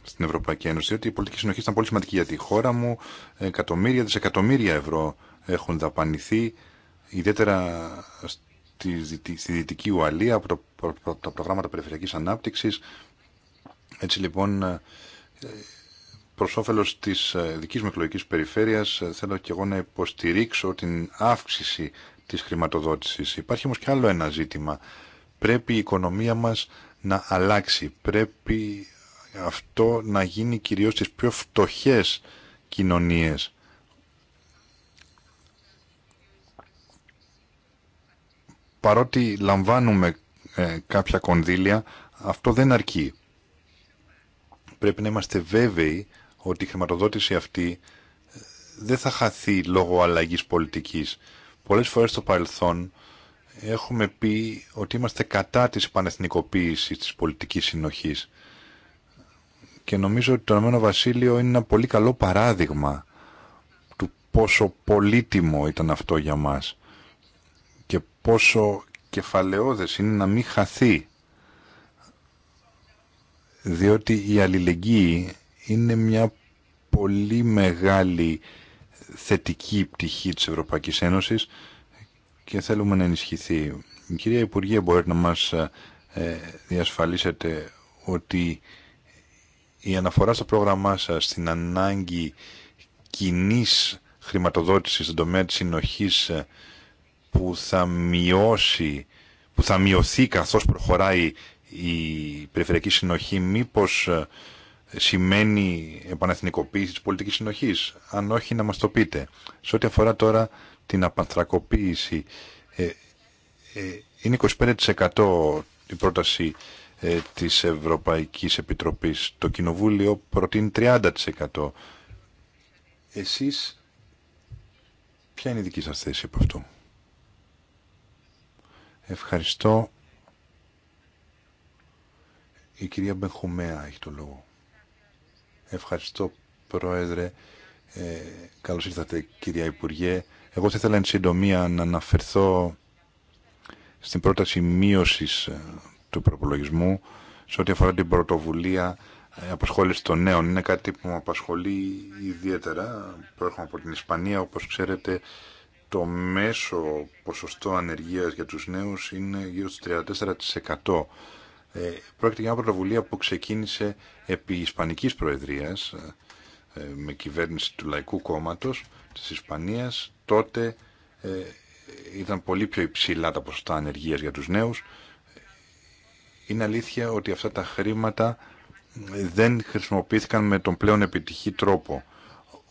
στην Ευρωπαϊκή Ένωση, διότι η πολιτική συνοχή ήταν πολύ σημαντική για τη χώρα μου. Εκατομμύρια, δισεκατομμύρια ευρώ έχουν δαπανηθεί, ιδιαίτερα στη Δυτική Ουαλία από, το, τα προγράμματα περιφερειακής ανάπτυξης. Έτσι λοιπόν, ε, προς όφελος της ε, δικής μου εκλογικής περιφέρειας, ε, θέλω και εγώ να υποστηρίξω την αύξηση της χρηματοδότησης. Υπάρχει όμως και άλλο ένα ζήτημα. Πρέπει η οικονομία μας να αλλάξει. Πρέπει αυτό να γίνει κυρίως στις πιο φτωχές κοινωνίες. παρότι λαμβάνουμε ε, κάποια κονδύλια, αυτό δεν αρκεί. Πρέπει να είμαστε βέβαιοι ότι η χρηματοδότηση αυτή ε, δεν θα χαθεί λόγω αλλαγής πολιτικής. Πολλές φορές στο παρελθόν έχουμε πει ότι είμαστε κατά της πανεθνικοποίησης της πολιτικής συνοχής και νομίζω ότι το Ηνωμένο Βασίλειο είναι ένα πολύ καλό παράδειγμα του πόσο πολύτιμο ήταν αυτό για μας πόσο κεφαλαιόδες είναι να μην χαθεί διότι η αλληλεγγύη είναι μια πολύ μεγάλη θετική πτυχή της Ευρωπαϊκής Ένωσης και θέλουμε να ενισχυθεί. Η κυρία Υπουργέ, μπορείτε να μας ε, διασφαλίσετε ότι η αναφορά στο πρόγραμμά σας στην ανάγκη κοινής χρηματοδότησης στον τομέα της συνοχής ε, που θα που θα μειωθεί καθώς προχωράει η περιφερειακή συνοχή μήπως ε, σημαίνει επανεθνικοποίηση της πολιτικής συνοχής. Αν όχι να μας το πείτε. Σε ό,τι αφορά τώρα την απανθρακοποίηση ε, ε, είναι 25% η πρόταση ε, της Ευρωπαϊκής Επιτροπής. Το Κοινοβούλιο προτείνει 30%. Εσείς ποια είναι η δική σας θέση από αυτό. Ευχαριστώ. Η κυρία Μπεχουμέα έχει το λόγο. Ευχαριστώ, Πρόεδρε. Ε, καλώς ήρθατε, κυρία Υπουργέ. Εγώ θα ήθελα εν συντομία να αναφερθώ στην πρόταση μείωσης ε, του προπολογισμού σε ό,τι αφορά την πρωτοβουλία ε, απασχόληση των νέων. Είναι κάτι που με απασχολεί ιδιαίτερα. Προέρχομαι από την Ισπανία, όπως ξέρετε, το μέσο ποσοστό ανεργίας για τους νέους είναι γύρω στο 34%. Ε, πρόκειται για μια πρωτοβουλία που ξεκίνησε επί Ισπανικής Προεδρίας ε, ε, με κυβέρνηση του Λαϊκού Κόμματος της Ισπανίας. Τότε ε, ήταν πολύ πιο υψηλά τα ποσοστά ανεργίας για τους νέους. Είναι αλήθεια ότι αυτά τα χρήματα δεν χρησιμοποιήθηκαν με τον πλέον επιτυχή τρόπο.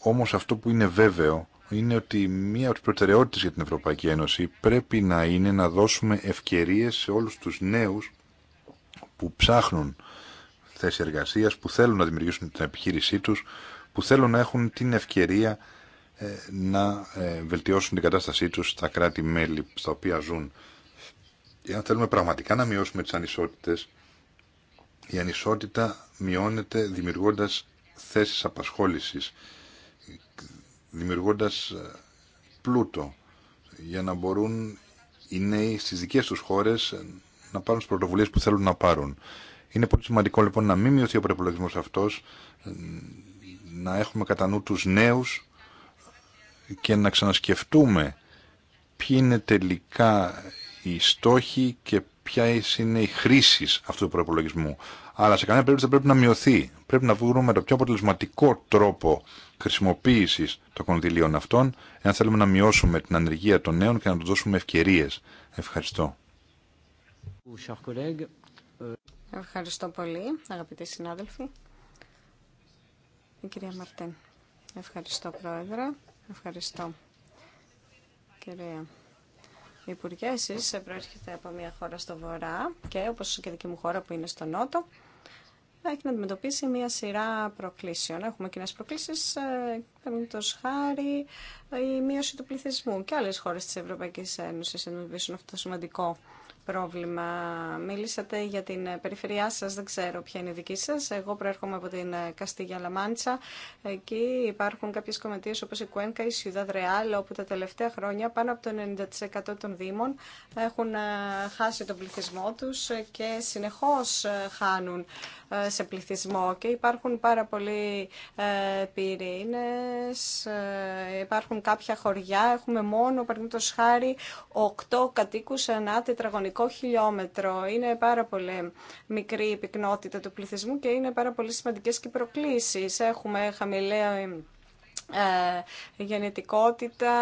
Όμως αυτό που είναι βέβαιο είναι ότι μία από τις προτεραιότητες για την Ευρωπαϊκή Ένωση πρέπει να είναι να δώσουμε ευκαιρίες σε όλους τους νέους που ψάχνουν θέση εργασίας, που θέλουν να δημιουργήσουν την επιχείρησή τους, που θέλουν να έχουν την ευκαιρία ε, να ε, βελτιώσουν την κατάστασή τους στα κράτη-μέλη στα οποία ζουν. Εάν θέλουμε πραγματικά να μειώσουμε τις ανισότητες, η ανισότητα μειώνεται δημιουργώντας θέσεις απασχόλησης δημιουργώντας ε, πλούτο για να μπορούν οι νέοι στις δικές τους χώρες ε, να πάρουν τις πρωτοβουλίες που θέλουν να πάρουν. Είναι πολύ σημαντικό λοιπόν να μην μειωθεί ο προπολογισμό αυτός, ε, να έχουμε κατά νου τους νέους και να ξανασκεφτούμε ποιοι είναι τελικά οι στόχοι και ποια είναι οι χρήσει αυτού του προπολογισμού αλλά σε κανένα περίπτωση δεν πρέπει να μειωθεί. Πρέπει να βρούμε το πιο αποτελεσματικό τρόπο χρησιμοποίηση των κονδυλίων αυτών, εάν θέλουμε να μειώσουμε την ανεργία των νέων και να του δώσουμε ευκαιρίε. Ευχαριστώ. Ευχαριστώ πολύ, αγαπητοί συνάδελφοι. Η κυρία Μαρτέν. Ευχαριστώ, Πρόεδρε. Ευχαριστώ, κυρία. Υπουργέ, Εσεί προέρχεται από μια χώρα στο βορρά και όπω και δική μου χώρα που είναι στο νότο έχει να αντιμετωπίσει μία σειρά προκλήσεων. Έχουμε κοινέ προκλήσει, ε, παραδείγματο χάρη, η μείωση του πληθυσμού και άλλε χώρε τη Ευρωπαϊκή Ένωση αντιμετωπίσουν αυτό το σημαντικό πρόβλημα. Μίλησατε για την ε, περιφερειά σας, δεν ξέρω ποια είναι η δική σας. Εγώ προέρχομαι από την ε, Καστίγια Λαμάντσα. Εκεί υπάρχουν κάποιες κομματίε όπως η Κουένκα, η Σιουδάδ Δρεάλ, όπου τα τελευταία χρόνια πάνω από το 90% των δήμων έχουν ε, χάσει τον πληθυσμό τους και συνεχώς χάνουν σε πληθυσμό και υπάρχουν πάρα πολλοί πυρήνες, υπάρχουν κάποια χωριά, έχουμε μόνο, παραδείγματος χάρη, 8 κατοίκους ανά τετραγωνικό χιλιόμετρο. Είναι πάρα πολύ μικρή η πυκνότητα του πληθυσμού και είναι πάρα πολύ σημαντικές και προκλήσεις. Έχουμε χαμηλή ε, γενετικότητα,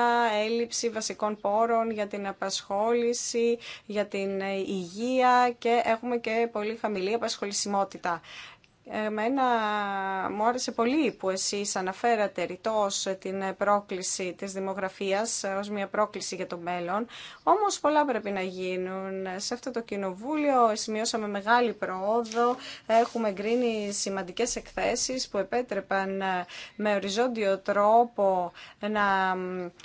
έλλειψη βασικών πόρων για την απασχόληση, για την υγεία και έχουμε και πολύ χαμηλή απασχολησιμότητα. Εμένα μου άρεσε πολύ που εσείς αναφέρατε ρητός την πρόκληση της δημογραφίας ως μια πρόκληση για το μέλλον. Όμως πολλά πρέπει να γίνουν. Σε αυτό το κοινοβούλιο σημειώσαμε μεγάλη προόδο. Έχουμε εγκρίνει σημαντικές εκθέσεις που επέτρεπαν με οριζόντιο τρόπο να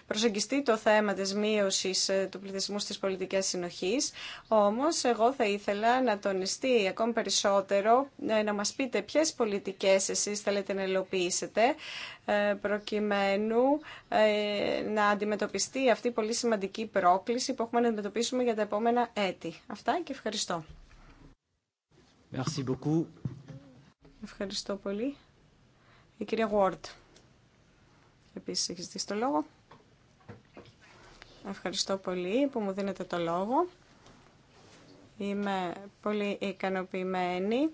προσεγγιστεί το θέμα της μείωσης του πληθυσμού στις πολιτικές συνοχής. Όμως εγώ θα ήθελα να τονιστεί ακόμη περισσότερο να μας πείτε πείτε ποιες πολιτικές εσείς θέλετε να υλοποιήσετε ε, προκειμένου ε, να αντιμετωπιστεί αυτή η πολύ σημαντική πρόκληση που έχουμε να αντιμετωπίσουμε για τα επόμενα έτη. Αυτά και ευχαριστώ. Ευχαριστώ πολύ. Η κυρία Ward. Επίσης έχει ζητήσει το λόγο. Ευχαριστώ πολύ που μου δίνετε το λόγο. Είμαι πολύ ικανοποιημένη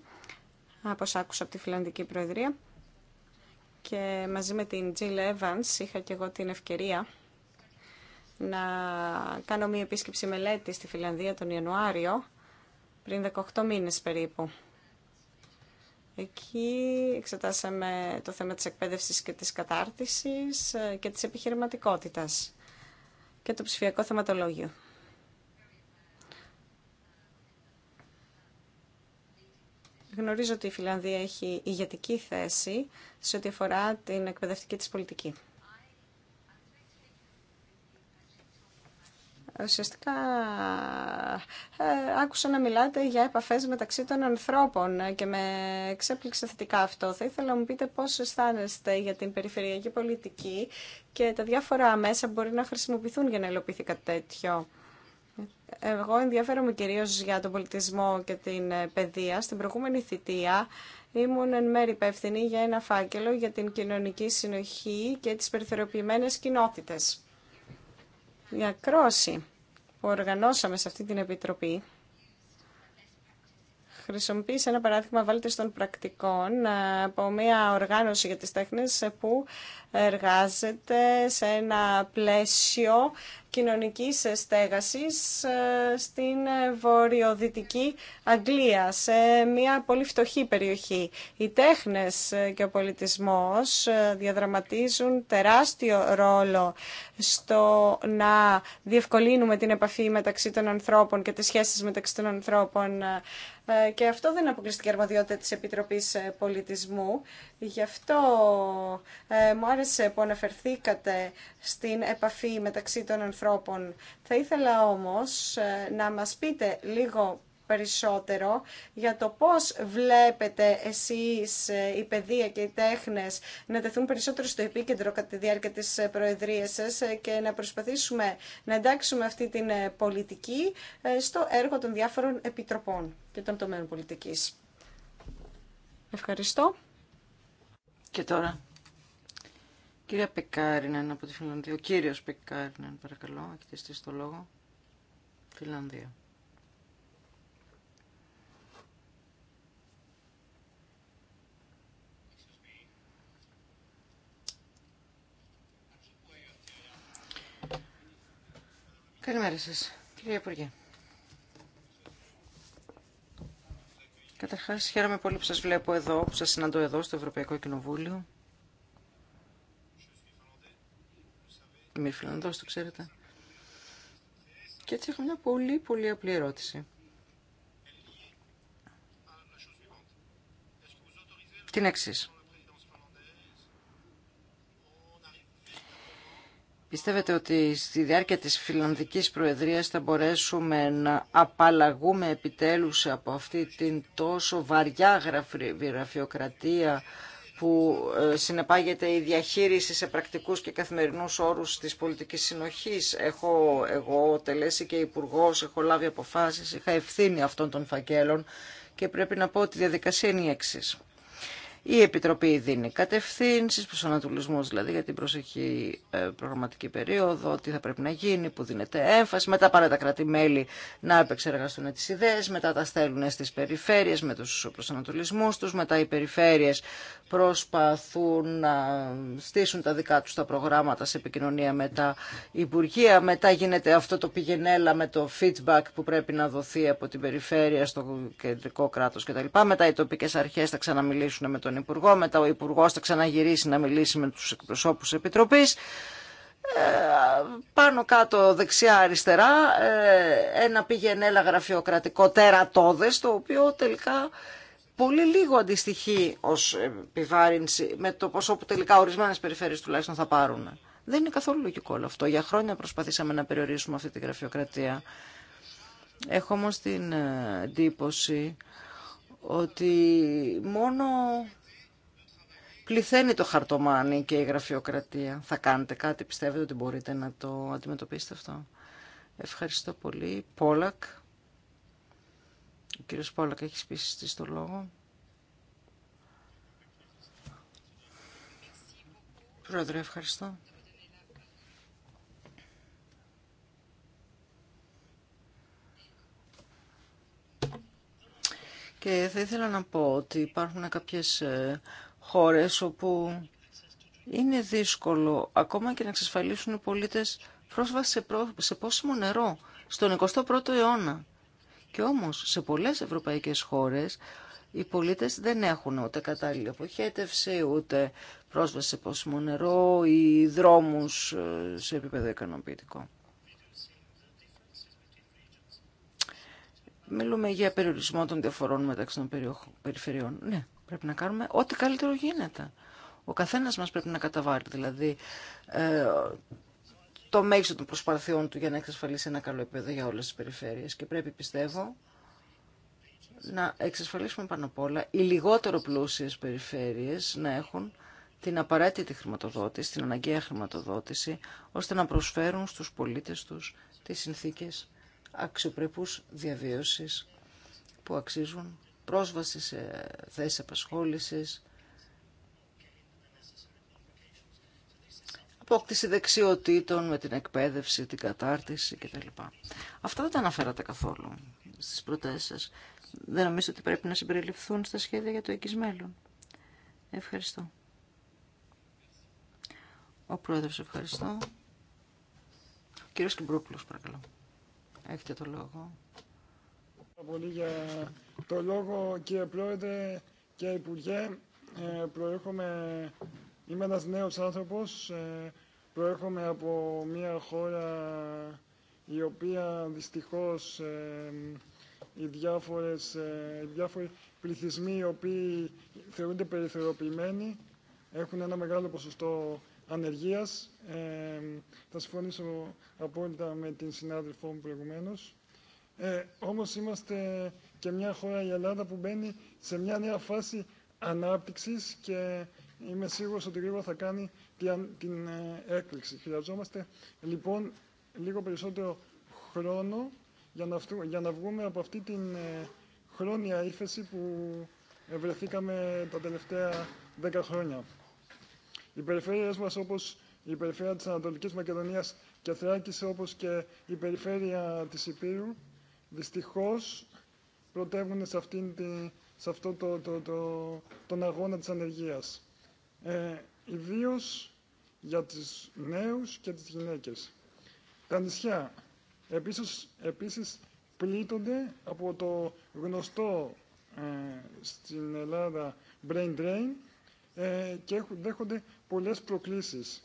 από άκουσα από τη Φιλανδική Προεδρία. Και μαζί με την Jill Evans είχα και εγώ την ευκαιρία να κάνω μία επίσκεψη μελέτη στη Φιλανδία τον Ιανουάριο, πριν 18 μήνες περίπου. Εκεί εξετάσαμε το θέμα της εκπαίδευσης και της κατάρτισης ε, και της επιχειρηματικότητας και το ψηφιακό θεματολόγιο. Γνωρίζω ότι η Φιλανδία έχει ηγετική θέση σε ό,τι αφορά την εκπαιδευτική της πολιτική. Ουσιαστικά ε, άκουσα να μιλάτε για επαφές μεταξύ των ανθρώπων και με εξέπληξε θετικά αυτό. Θα ήθελα να μου πείτε πώς αισθάνεστε για την περιφερειακή πολιτική και τα διάφορα μέσα που μπορεί να χρησιμοποιηθούν για να υλοποιηθεί κάτι τέτοιο. Εγώ ενδιαφέρομαι κυρίως για τον πολιτισμό και την ε, παιδεία. Στην προηγούμενη θητεία ήμουν εν μέρη υπεύθυνη για ένα φάκελο για την κοινωνική συνοχή και τις περιθωριοποιημένες κοινότητες. Η ακρόση που οργανώσαμε σε αυτή την επιτροπή χρησιμοποίησε ένα παράδειγμα των πρακτικών ε, από μια οργάνωση για τις τέχνες ε, που εργάζεται σε ένα πλαίσιο κοινωνικής στέγασης ε, στην ε, βορειοδυτική Αγγλία, σε μια πολύ φτωχή περιοχή. Οι τέχνες ε, και ο πολιτισμός διαδραματίζουν τεράστιο ρόλο στο να διευκολύνουμε την επαφή μεταξύ των ανθρώπων και τις σχέσεις μεταξύ των ανθρώπων και αυτό δεν αποκλειστήκε αποκλειστική αρμοδιότητα της Επιτροπής Πολιτισμού. Γι' αυτό μου άρεσε που αναφερθήκατε στην επαφή μεταξύ των ανθρώπων θα ήθελα όμως ε, να μας πείτε λίγο περισσότερο για το πώς βλέπετε εσείς ε, η παιδεία και οι τέχνες να τεθούν περισσότερο στο επίκεντρο κατά τη διάρκεια της ε, Προεδρίας σας και να προσπαθήσουμε να εντάξουμε αυτή την πολιτική στο έργο των διάφορων επιτροπών και των τομέων πολιτικής. Ευχαριστώ. Και τώρα Κυρία Πεκάρινεν από τη Φιλανδία. Ο κύριος Πεκάρινεν, παρακαλώ, έχετε στήσει το λόγο. Φιλανδία. Καλημέρα σας, κύριε Υπουργέ. Καταρχάς, χαίρομαι πολύ που σας βλέπω εδώ, που σας συναντώ εδώ στο Ευρωπαϊκό Κοινοβούλιο. Είμαι Φιλανδός, το ξέρετε. Και έτσι έχω μια πολύ πολύ απλή ερώτηση. Την εξή. Πιστεύετε ότι στη διάρκεια της φιλανδικής προεδρίας θα μπορέσουμε να απαλλαγούμε επιτέλους από αυτή την τόσο βαριά γραφειοκρατία που ε, συνεπάγεται η διαχείριση σε πρακτικούς και καθημερινούς όρους της πολιτικής συνοχής. Έχω εγώ τελέσει και υπουργό, έχω λάβει αποφάσεις, είχα ευθύνη αυτών των φακέλων και πρέπει να πω ότι η διαδικασία είναι η εξής. Η Επιτροπή δίνει κατευθύνσεις, προσανατολισμούς δηλαδή για την προσεχή ε, προγραμματική περίοδο, τι θα πρέπει να γίνει, που δίνεται έμφαση. Μετά πάνε τα κράτη-μέλη να επεξεργαστούν τις ιδέες, μετά τα στέλνουν στις περιφέρειες με τους προσανατολισμούς τους, μετά οι περιφέρειες προσπαθούν να στήσουν τα δικά τους τα προγράμματα σε επικοινωνία με τα Υπουργεία. Μετά γίνεται αυτό το πηγενέλα με το feedback που πρέπει να δοθεί από την περιφέρεια στο κεντρικό κράτος κτλ. Μετά οι τοπικές αρχές θα ξαναμιλήσουν με το τον Υπουργό, μετά ο Υπουργός θα ξαναγυρίσει να μιλήσει με τους εκπροσώπους Επιτροπής. Ε, πάνω κάτω δεξιά αριστερά ε, ένα πήγαινε ένα γραφειοκρατικό τερατόδε, το οποίο τελικά πολύ λίγο αντιστοιχεί ως επιβάρυνση με το ποσό που τελικά ορισμένες περιφέρειες τουλάχιστον θα πάρουν. Δεν είναι καθόλου λογικό όλο αυτό. Για χρόνια προσπαθήσαμε να περιορίσουμε αυτή τη γραφειοκρατία. Έχω όμως την ε, εντύπωση ότι μόνο πληθαίνει το χαρτομάνι και η γραφειοκρατία. Θα κάνετε κάτι, πιστεύετε ότι μπορείτε να το αντιμετωπίσετε αυτό. Ευχαριστώ πολύ. Πόλακ. Ο κύριος Πόλακ έχει σπίσει το λόγο. Πρόεδρε, ευχαριστώ. Και θα ήθελα να πω ότι υπάρχουν κάποιες ε, χώρες όπου είναι δύσκολο ακόμα και να εξασφαλίσουν οι πολίτες πρόσβαση σε, πόσιμο νερό στον 21ο αιώνα. Και όμως σε πολλές ευρωπαϊκές χώρες οι πολίτες δεν έχουν ούτε κατάλληλη αποχέτευση, ούτε πρόσβαση σε πόσιμο νερό ή δρόμους ε, σε επίπεδο ικανοποιητικό. Μιλούμε για περιορισμό των διαφορών μεταξύ των περιφερειών. Ναι, Πρέπει να κάνουμε ό,τι καλύτερο γίνεται. Ο καθένας μας πρέπει να καταβάλει, δηλαδή, ε, το μέγιστο των προσπαθειών του για να εξασφαλίσει ένα καλό επίπεδο για όλες τις περιφέρειες. Και πρέπει, πιστεύω, να εξασφαλίσουμε πάνω απ' όλα οι λιγότερο πλούσιες περιφέρειες να έχουν την απαραίτητη χρηματοδότηση, την αναγκαία χρηματοδότηση, ώστε να προσφέρουν στους πολίτες τους τις συνθήκες αξιοπρεπούς διαβίωσης που αξίζουν πρόσβαση σε θέσεις απασχόλησης, απόκτηση δεξιοτήτων με την εκπαίδευση, την κατάρτιση κτλ. Αυτά δεν τα αναφέρατε καθόλου στις προτάσεις σας. Δεν νομίζω ότι πρέπει να συμπεριληφθούν στα σχέδια για το εκείς Ευχαριστώ. Ο Πρόεδρος, ευχαριστώ. Κύριο κύριος Κιμπρούκλος, παρακαλώ. Έχετε το λόγο πολύ για το λόγο κύριε Πρόεδρε και Υπουργέ. Ε, προέρχομαι, είμαι ένας νέος άνθρωπος, ε, προέρχομαι από μια χώρα η οποία δυστυχώς ε, οι, διάφορες, ε, οι διάφοροι πληθυσμοί οι οποίοι θεωρούνται περιθωριοποιημένοι έχουν ένα μεγάλο ποσοστό ανεργίας. Ε, θα συμφωνήσω απόλυτα με την συνάδελφό μου προηγουμένως. Ε, όμως είμαστε και μια χώρα η Ελλάδα που μπαίνει σε μια νέα φάση ανάπτυξης και είμαι σίγουρος ότι γρήγορα θα κάνει την ε, έκπληξη. Χρειαζόμαστε λοιπόν λίγο περισσότερο χρόνο για να, βγούμε από αυτή την ε, χρόνια ύφεση που βρεθήκαμε τα τελευταία δέκα χρόνια. Οι περιφέρειές μας όπως η περιφέρεια της Ανατολικής Μακεδονίας και Θράκης όπως και η περιφέρεια της Υπήρου δυστυχώς πρωτεύουν σε, αυτήν σε αυτό το, τον αγώνα της ανεργίας. Ε, Ιδίω για τις νέους και τις γυναίκες. Τα νησιά επίσης, επίσης πλήττονται από το γνωστό ε, στην Ελλάδα brain drain ε, και δέχονται πολλές προκλήσεις.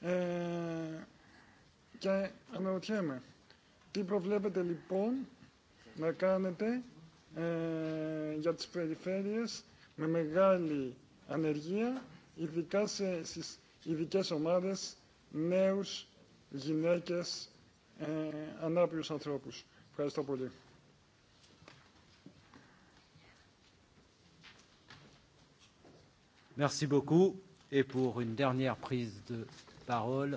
Ε, και αναρωτιέμαι, τι προβλέπετε λοιπόν να κάνετε ε, για τις περιφέρειες με μεγάλη ανεργία, ειδικά σε, στις ειδικές ομάδες, νέους, γυναίκες, ε, ανάπηρους ανθρώπους. Ευχαριστώ πολύ. Merci beaucoup. Et pour une dernière prise de parole,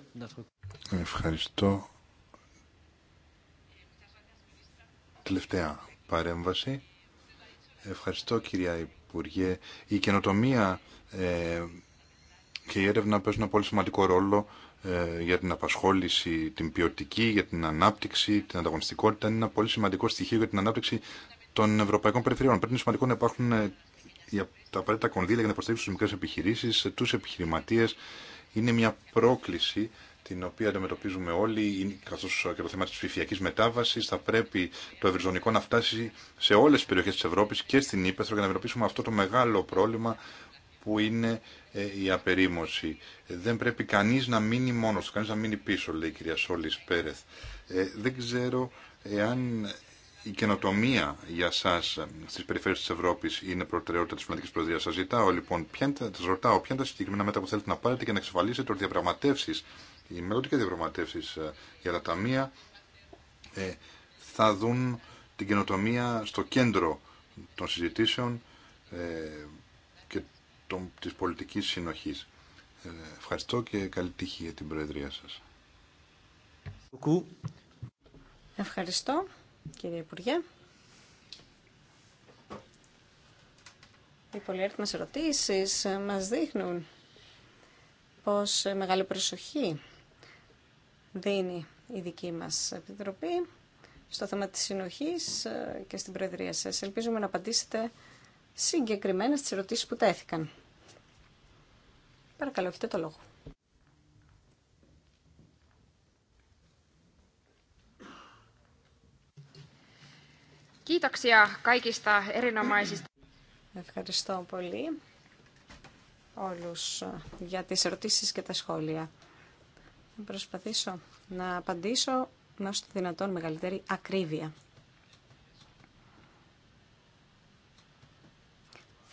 Ευχαριστώ τελευταία παρέμβαση. Ευχαριστώ κυρία Υπουργέ. Η καινοτομία ε, και η έρευνα παίζουν ένα πολύ σημαντικό ρόλο ε, για την απασχόληση, την ποιοτική, για την ανάπτυξη, την ανταγωνιστικότητα. Είναι ένα πολύ σημαντικό στοιχείο για την ανάπτυξη των ευρωπαϊκών περιφερειών. Πρέπει είναι σημαντικό να υπάρχουν ε, τα απαραίτητα κονδύλια για να υποστηρίξουν τι μικρέ επιχειρήσει, του επιχειρηματίε. Είναι μια πρόκληση την οποία αντιμετωπίζουμε όλοι, καθώ και το θέμα τη ψηφιακή μετάβαση, θα πρέπει το ευρυζωνικό να φτάσει σε όλε τι περιοχέ τη Ευρώπη και στην Ήπεθρο για να αντιμετωπίσουμε αυτό το μεγάλο πρόβλημα που είναι ε, η απερίμωση. Δεν πρέπει κανεί να μείνει μόνο, του, κανείς να μείνει πίσω, λέει η κυρία Σόλη Πέρεθ. Ε, δεν ξέρω εάν η καινοτομία για εσά στι περιφέρειες τη ευρωπη είναι προτεραιότητα τη Φιλανδικής προεδρία. σα ζητάω λοιπόν, ποια, ρωτάω, ποια είναι τα συγκεκριμένα μέτρα που θέλετε να πάρετε και να εξασφαλίσετε ότι διαπραγματεύσει οι και διαπραγματεύσει ε, για τα ταμεία ε, θα δουν την καινοτομία στο κέντρο των συζητήσεων ε, και των, της πολιτικής συνοχής. ευχαριστώ και καλή τύχη για την Προεδρία σας. Ευχαριστώ κύριε Υπουργέ. Οι πολυέρθμες ερωτήσεις μας δείχνουν πως μεγάλη προσοχή δίνει η δική μας Επιτροπή στο θέμα της συνοχής ε, και στην Προεδρία σας. Ελπίζουμε να απαντήσετε συγκεκριμένα στις ερωτήσεις που τέθηκαν. Παρακαλώ, έχετε το λόγο. Ευχαριστώ πολύ όλους ε, για τις ερωτήσεις και τα σχόλια. Θα προσπαθήσω να απαντήσω με όσο το δυνατόν μεγαλύτερη ακρίβεια.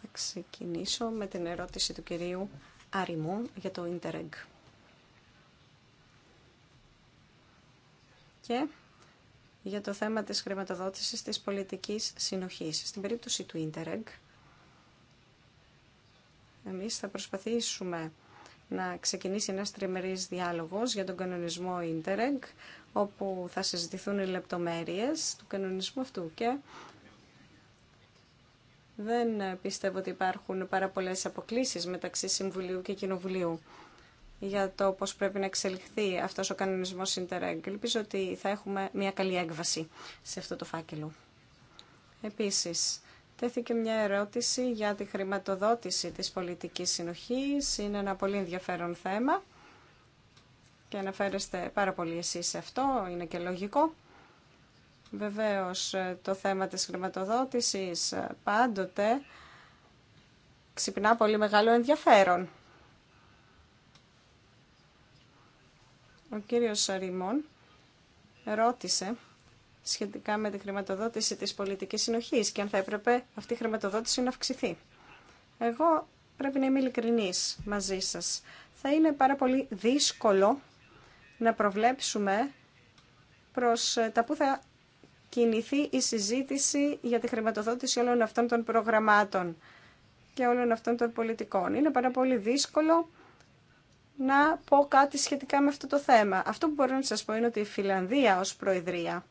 Θα ξεκινήσω με την ερώτηση του κυρίου Αριμού για το Interreg. Και για το θέμα της χρηματοδότησης της πολιτικής συνοχής. Στην περίπτωση του Interreg, εμείς θα προσπαθήσουμε να ξεκινήσει ένας τριμερής διάλογος για τον κανονισμό Interreg, όπου θα συζητηθούν οι λεπτομέρειες του κανονισμού αυτού και δεν πιστεύω ότι υπάρχουν πάρα πολλές αποκλήσεις μεταξύ Συμβουλίου και Κοινοβουλίου για το πώς πρέπει να εξελιχθεί αυτός ο κανονισμός Interreg. Ελπίζω ότι θα έχουμε μια καλή έκβαση σε αυτό το φάκελο. Επίσης, Τέθηκε μια ερώτηση για τη χρηματοδότηση της πολιτικής συνοχής. Είναι ένα πολύ ενδιαφέρον θέμα και αναφέρεστε πάρα πολύ εσείς σε αυτό, είναι και λογικό. Βεβαίως το θέμα της χρηματοδότησης πάντοτε ξυπνά πολύ μεγάλο ενδιαφέρον. Ο κύριος Σαριμών ρώτησε σχετικά με τη χρηματοδότηση της πολιτικής συνοχής και αν θα έπρεπε αυτή η χρηματοδότηση να αυξηθεί. Εγώ πρέπει να είμαι ειλικρινής μαζί σας. Θα είναι πάρα πολύ δύσκολο να προβλέψουμε προς ε, τα που θα κινηθεί η συζήτηση για τη χρηματοδότηση όλων αυτών των προγραμμάτων και όλων αυτών των πολιτικών. Είναι πάρα πολύ δύσκολο να πω κάτι σχετικά με αυτό το θέμα. Αυτό που μπορώ να σας πω είναι ότι η Φιλανδία ως Προεδρία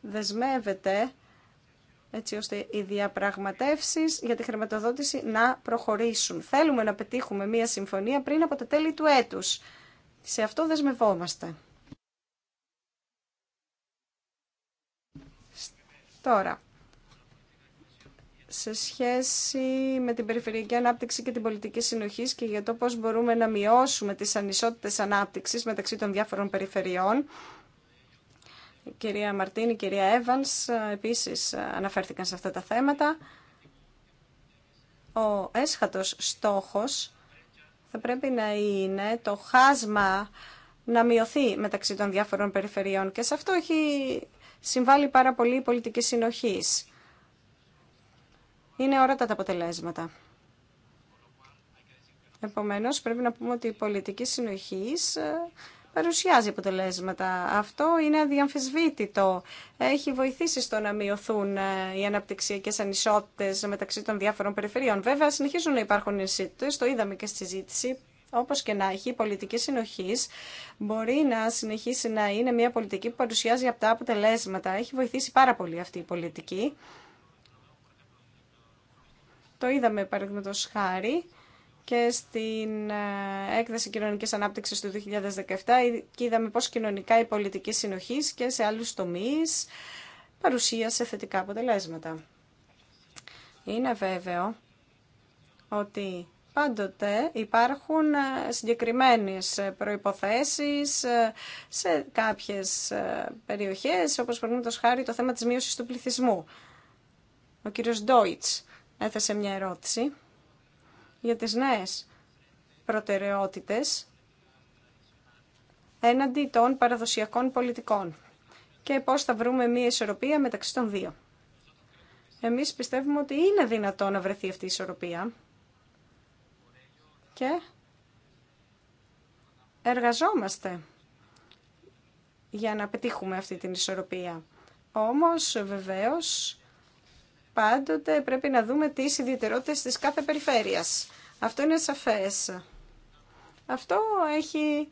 δεσμεύεται έτσι ώστε οι διαπραγματεύσεις για τη χρηματοδότηση να προχωρήσουν. Θέλουμε να πετύχουμε μία συμφωνία πριν από τα τέλη του έτους. Σε αυτό δεσμευόμαστε. Τώρα, σε σχέση με την περιφερειακή ανάπτυξη και την πολιτική συνοχή και για το πώς μπορούμε να μειώσουμε τις ανισότητες ανάπτυξης μεταξύ των διάφορων περιφερειών, η κυρία Μαρτίνη, η κυρία Εύανς επίσης αναφέρθηκαν σε αυτά τα θέματα. Ο έσχατος στόχος θα πρέπει να είναι το χάσμα να μειωθεί μεταξύ των διάφορων περιφερειών και σε αυτό έχει συμβάλει πάρα πολύ η πολιτική συνοχής. Είναι όρατα τα αποτελέσματα. Επομένως, πρέπει να πούμε ότι η πολιτική συνοχής παρουσιάζει αποτελέσματα. Αυτό είναι αδιαμφισβήτητο. Έχει βοηθήσει στο να μειωθούν ε, οι αναπτυξιακέ ανισότητε μεταξύ των διάφορων περιφερειών. Βέβαια, συνεχίζουν να υπάρχουν ανισότητε, το είδαμε και στη συζήτηση. Όπω και να έχει, η πολιτική συνοχή μπορεί να συνεχίσει να είναι μια πολιτική που παρουσιάζει αυτά αποτελέσματα. Έχει βοηθήσει πάρα πολύ αυτή η πολιτική. Το είδαμε, παραδείγματο χάρη, και στην ε, έκθεση κοινωνικής ανάπτυξης του 2017 ε, και είδαμε πώς κοινωνικά η πολιτική συνοχής και σε άλλους τομείς παρουσίασε θετικά αποτελέσματα. Είναι βέβαιο ότι πάντοτε υπάρχουν ε, συγκεκριμένες προϋποθέσεις σε κάποιες περιοχές, όπως το χάρη το θέμα της μείωσης του πληθυσμού. Ο κύριος Ντόιτς έθεσε μια ερώτηση για τις νέες προτεραιότητες έναντι των παραδοσιακών πολιτικών και πώς θα βρούμε μία ισορροπία μεταξύ των δύο. Εμείς πιστεύουμε ότι είναι δυνατό να βρεθεί αυτή η ισορροπία και εργαζόμαστε για να πετύχουμε αυτή την ισορροπία. Όμως, βεβαίως, πάντοτε πρέπει να δούμε τις ιδιαιτερότητες της κάθε περιφέρειας. Αυτό είναι σαφές. Αυτό έχει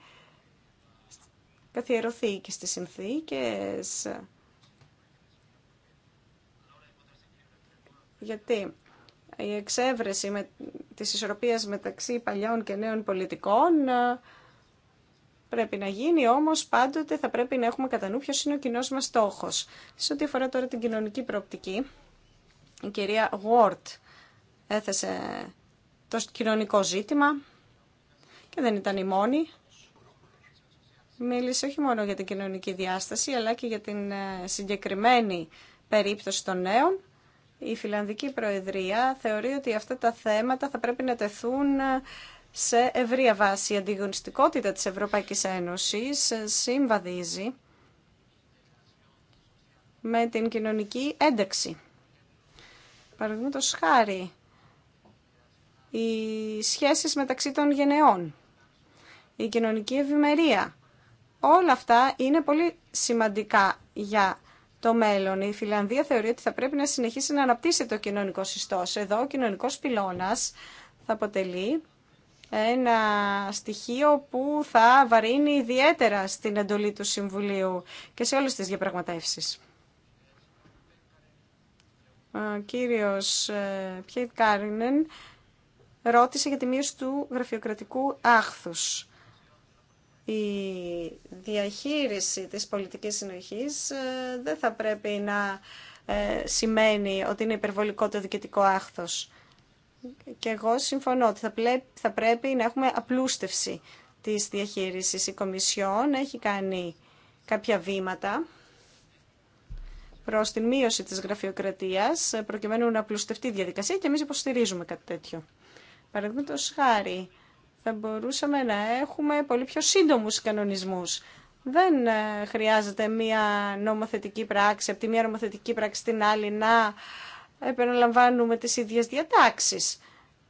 καθιερωθεί και στις συνθήκες. Γιατί η εξέβρεση με, της ισορροπίας μεταξύ παλιών και νέων πολιτικών ε, πρέπει να γίνει, όμως πάντοτε θα πρέπει να έχουμε κατά νου ποιος είναι ο κοινός μας στόχος. Σε ό,τι αφορά τώρα την κοινωνική προοπτική, η κυρία Γουόρτ έθεσε το κοινωνικό ζήτημα και δεν ήταν η μόνη. Μίλησε όχι μόνο για την κοινωνική διάσταση, αλλά και για την ε, συγκεκριμένη περίπτωση των νέων. Η Φιλανδική Προεδρία θεωρεί ότι αυτά τα θέματα θα πρέπει να τεθούν ε, σε ευρεία βάση. Η αντιγωνιστικότητα της Ευρωπαϊκής Ένωσης ε, συμβαδίζει με την κοινωνική ένταξη. Παραδείγματο χάρη, οι σχέσεις μεταξύ των γενεών, η κοινωνική ευημερία. Όλα αυτά είναι πολύ σημαντικά για το μέλλον. Η Φιλανδία θεωρεί ότι θα πρέπει να συνεχίσει να αναπτύσσει το κοινωνικό συστός. Εδώ ο κοινωνικό πυλώνα θα αποτελεί ένα στοιχείο που θα βαρύνει ιδιαίτερα στην εντολή του Συμβουλίου και σε όλες τις διαπραγματεύσεις. Ο κύριος ε, Πιέιτ Κάρινεν ρώτησε για τη μείωση του γραφειοκρατικού άχθους. Η διαχείριση της πολιτικής συνοχής ε, δεν θα πρέπει να ε, σημαίνει ότι είναι υπερβολικό το διοικητικό άχθος. Και εγώ συμφωνώ ότι θα πρέπει να έχουμε απλούστευση της διαχείρισης. Η Κομισιόν έχει κάνει κάποια βήματα Προ την μείωση τη γραφειοκρατίας ε, προκειμένου να πλουστευτεί η διαδικασία και εμεί υποστηρίζουμε κάτι τέτοιο. Παραδείγματο χάρη, θα μπορούσαμε να έχουμε πολύ πιο σύντομου κανονισμού. Δεν ε, χρειάζεται μία νομοθετική πράξη, από τη μία νομοθετική πράξη στην άλλη να επαναλαμβάνουμε τις ίδιες διατάξεις.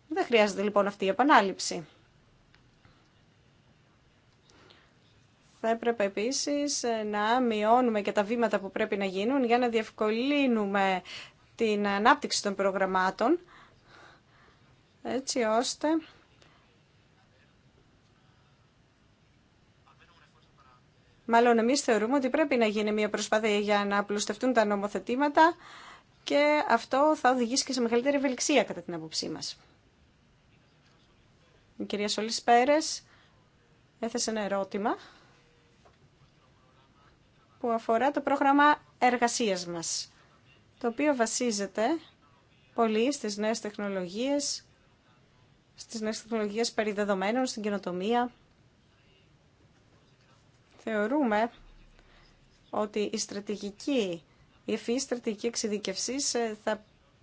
Δεν χρειάζεται λοιπόν αυτή η επανάληψη. Θα έπρεπε επίσης ε, να μειώνουμε και τα βήματα που πρέπει να γίνουν για να διευκολύνουμε την ανάπτυξη των προγραμμάτων, έτσι ώστε Μάλλον εμείς θεωρούμε ότι πρέπει να γίνει μια προσπάθεια για να απλουστευτούν τα νομοθετήματα και αυτό θα οδηγήσει και σε μεγαλύτερη ευελιξία κατά την άποψή μας. Η κυρία Σολής Πέρες έθεσε ένα ερώτημα που αφορά το πρόγραμμα εργασίας μας, το οποίο βασίζεται πολύ στις νέες τεχνολογίες, στις νέες τεχνολογίες περί στην καινοτομία. Θεωρούμε ότι η στρατηγική, η ευφυή στρατηγική εξειδικευσή ε, θα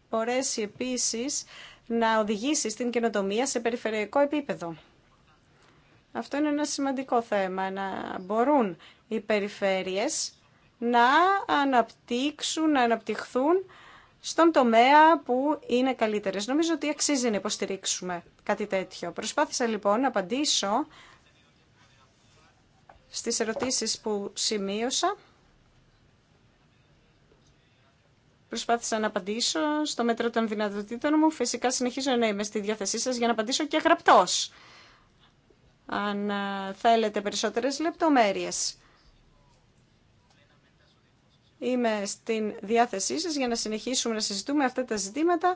μπορέσει επίσης να οδηγήσει στην καινοτομία σε περιφερειακό επίπεδο. Αυτό είναι ένα σημαντικό θέμα, να μπορούν οι περιφέρειες να αναπτύξουν, να αναπτυχθούν στον τομέα που είναι καλύτερες. Νομίζω ότι αξίζει να υποστηρίξουμε κάτι τέτοιο. Προσπάθησα λοιπόν να απαντήσω στις ερωτήσεις που σημείωσα. Προσπάθησα να απαντήσω στο μέτρο των δυνατοτήτων μου. Φυσικά συνεχίζω να είμαι στη διάθεσή σας για να απαντήσω και γραπτός αν ε, θέλετε περισσότερες λεπτομέρειες. Είμαι στην διάθεσή σας για να συνεχίσουμε να συζητούμε αυτά τα ζητήματα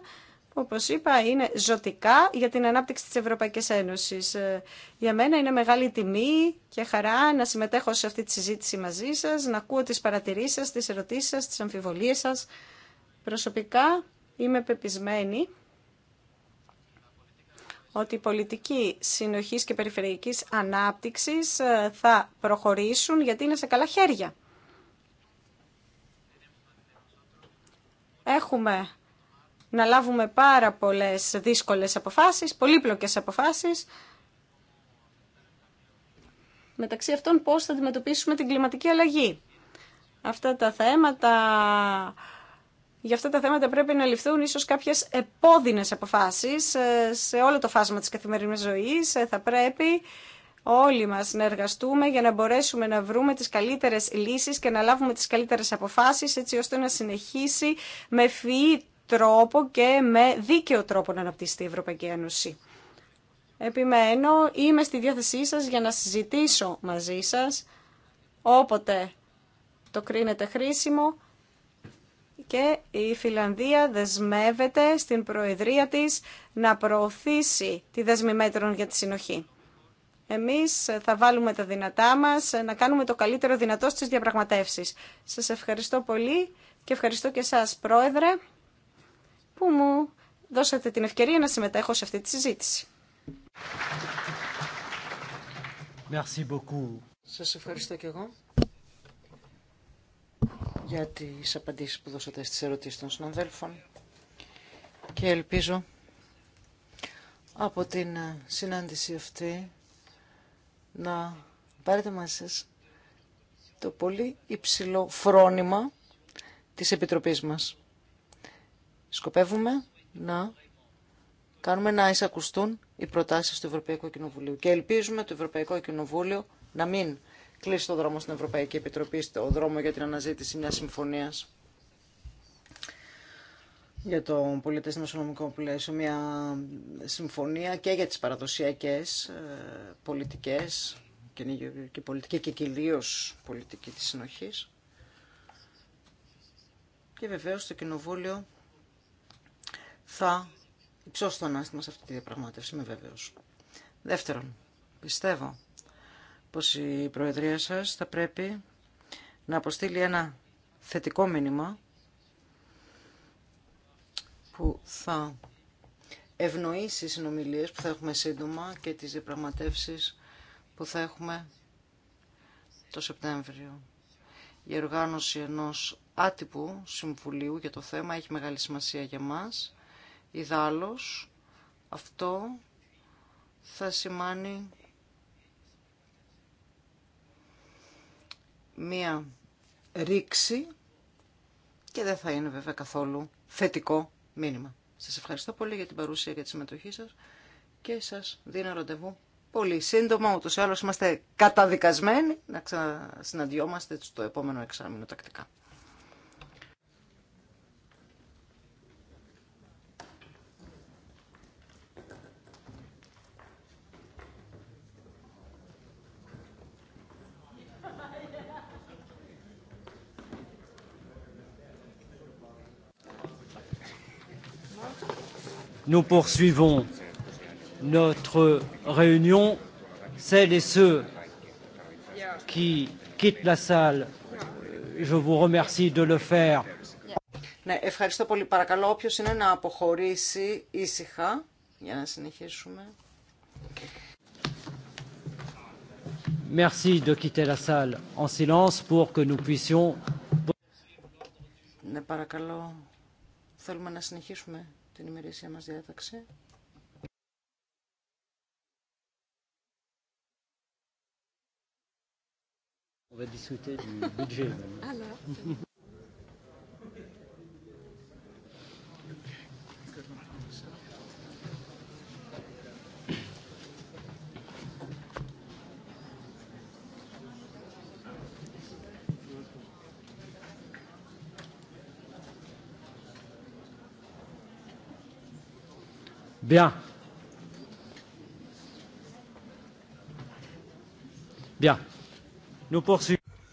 που, όπως είπα, είναι ζωτικά για την ανάπτυξη της Ευρωπαϊκής Ένωσης. Ε, για μένα είναι μεγάλη τιμή και χαρά να συμμετέχω σε αυτή τη συζήτηση μαζί σας, να ακούω τις παρατηρήσεις σας, τις ερωτήσεις σας, τις αμφιβολίες σας. Προσωπικά είμαι πεπισμένη ότι η πολιτική συνοχής και περιφερειακής ανάπτυξης ε, θα προχωρήσουν γιατί είναι σε καλά χέρια. Έχουμε να λάβουμε πάρα πολλές δύσκολες αποφάσεις, πολύπλοκες αποφάσεις. Μεταξύ αυτών πώς θα αντιμετωπίσουμε την κλιματική αλλαγή. Αυτά τα θέματα για αυτά τα θέματα πρέπει να ληφθούν ίσως κάποιες επώδυνες αποφάσεις ε, σε όλο το φάσμα της καθημερινής ζωής. Ε, θα πρέπει όλοι μας να εργαστούμε για να μπορέσουμε να βρούμε τις καλύτερες λύσεις και να λάβουμε τις καλύτερες αποφάσεις έτσι ώστε να συνεχίσει με φυή τρόπο και με δίκαιο τρόπο να αναπτύσσει η Ευρωπαϊκή Ένωση. Επιμένω, είμαι στη διάθεσή σας για να συζητήσω μαζί σας όποτε το κρίνετε χρήσιμο και η Φιλανδία δεσμεύεται στην Προεδρία της να προωθήσει τη δέσμη μέτρων για τη συνοχή. Εμείς θα βάλουμε τα δυνατά μας να κάνουμε το καλύτερο δυνατό στις διαπραγματεύσεις. Σας ευχαριστώ πολύ και ευχαριστώ και εσάς Πρόεδρε που μου δώσατε την ευκαιρία να συμμετέχω σε αυτή τη συζήτηση. Σας ευχαριστώ και εγώ για τις απαντήσεις που δώσατε στις ερωτήσεις των συναδέλφων και ελπίζω από την συνάντηση αυτή να πάρετε μαζί σας το πολύ υψηλό φρόνημα της Επιτροπής μας. Σκοπεύουμε να κάνουμε να εισακουστούν οι προτάσεις του Ευρωπαϊκού Κοινοβουλίου και ελπίζουμε το Ευρωπαϊκό Κοινοβούλιο να μην κλείσει το δρόμο στην Ευρωπαϊκή Επιτροπή, στο δρόμο για την αναζήτηση μιας συμφωνίας για το πολιτές νοσονομικό πλαίσιο, μια συμφωνία και για τις παραδοσιακές ε, πολιτικές και πολιτική και κυρίω πολιτική της συνοχής. Και βεβαίως το Κοινοβούλιο θα υψώσει το ανάστημα σε αυτή τη διαπραγμάτευση, είμαι βεβαίως. Δεύτερον, πιστεύω πως η Προεδρία σας θα πρέπει να αποστείλει ένα θετικό μήνυμα που θα ευνοήσει συνομιλίες που θα έχουμε σύντομα και τις διαπραγματεύσεις που θα έχουμε το Σεπτέμβριο. Η οργάνωση ενός άτυπου συμβουλίου για το θέμα έχει μεγάλη σημασία για μας. Ιδάλλως, αυτό θα σημάνει μία ρήξη και δεν θα είναι βέβαια καθόλου θετικό μήνυμα. Σας ευχαριστώ πολύ για την παρουσία και τη συμμετοχή σας και σας δίνω ραντεβού πολύ σύντομα, ούτως ή άλλως είμαστε καταδικασμένοι να ξανασυναντιόμαστε στο επόμενο εξάμεινο τακτικά. Nous poursuivons notre réunion. Celles et ceux qui quittent la salle, je vous remercie de le faire. Ναι, ευχαριστώ πολύ. Παρακαλώ όποιο είναι να αποχωρήσει ήσυχα για να συνεχίσουμε. Merci de quitter la salle en silence pour que nous puissions... Ναι, παρακαλώ. Θέλουμε να συνεχίσουμε την ημερήσια μας διάταξη.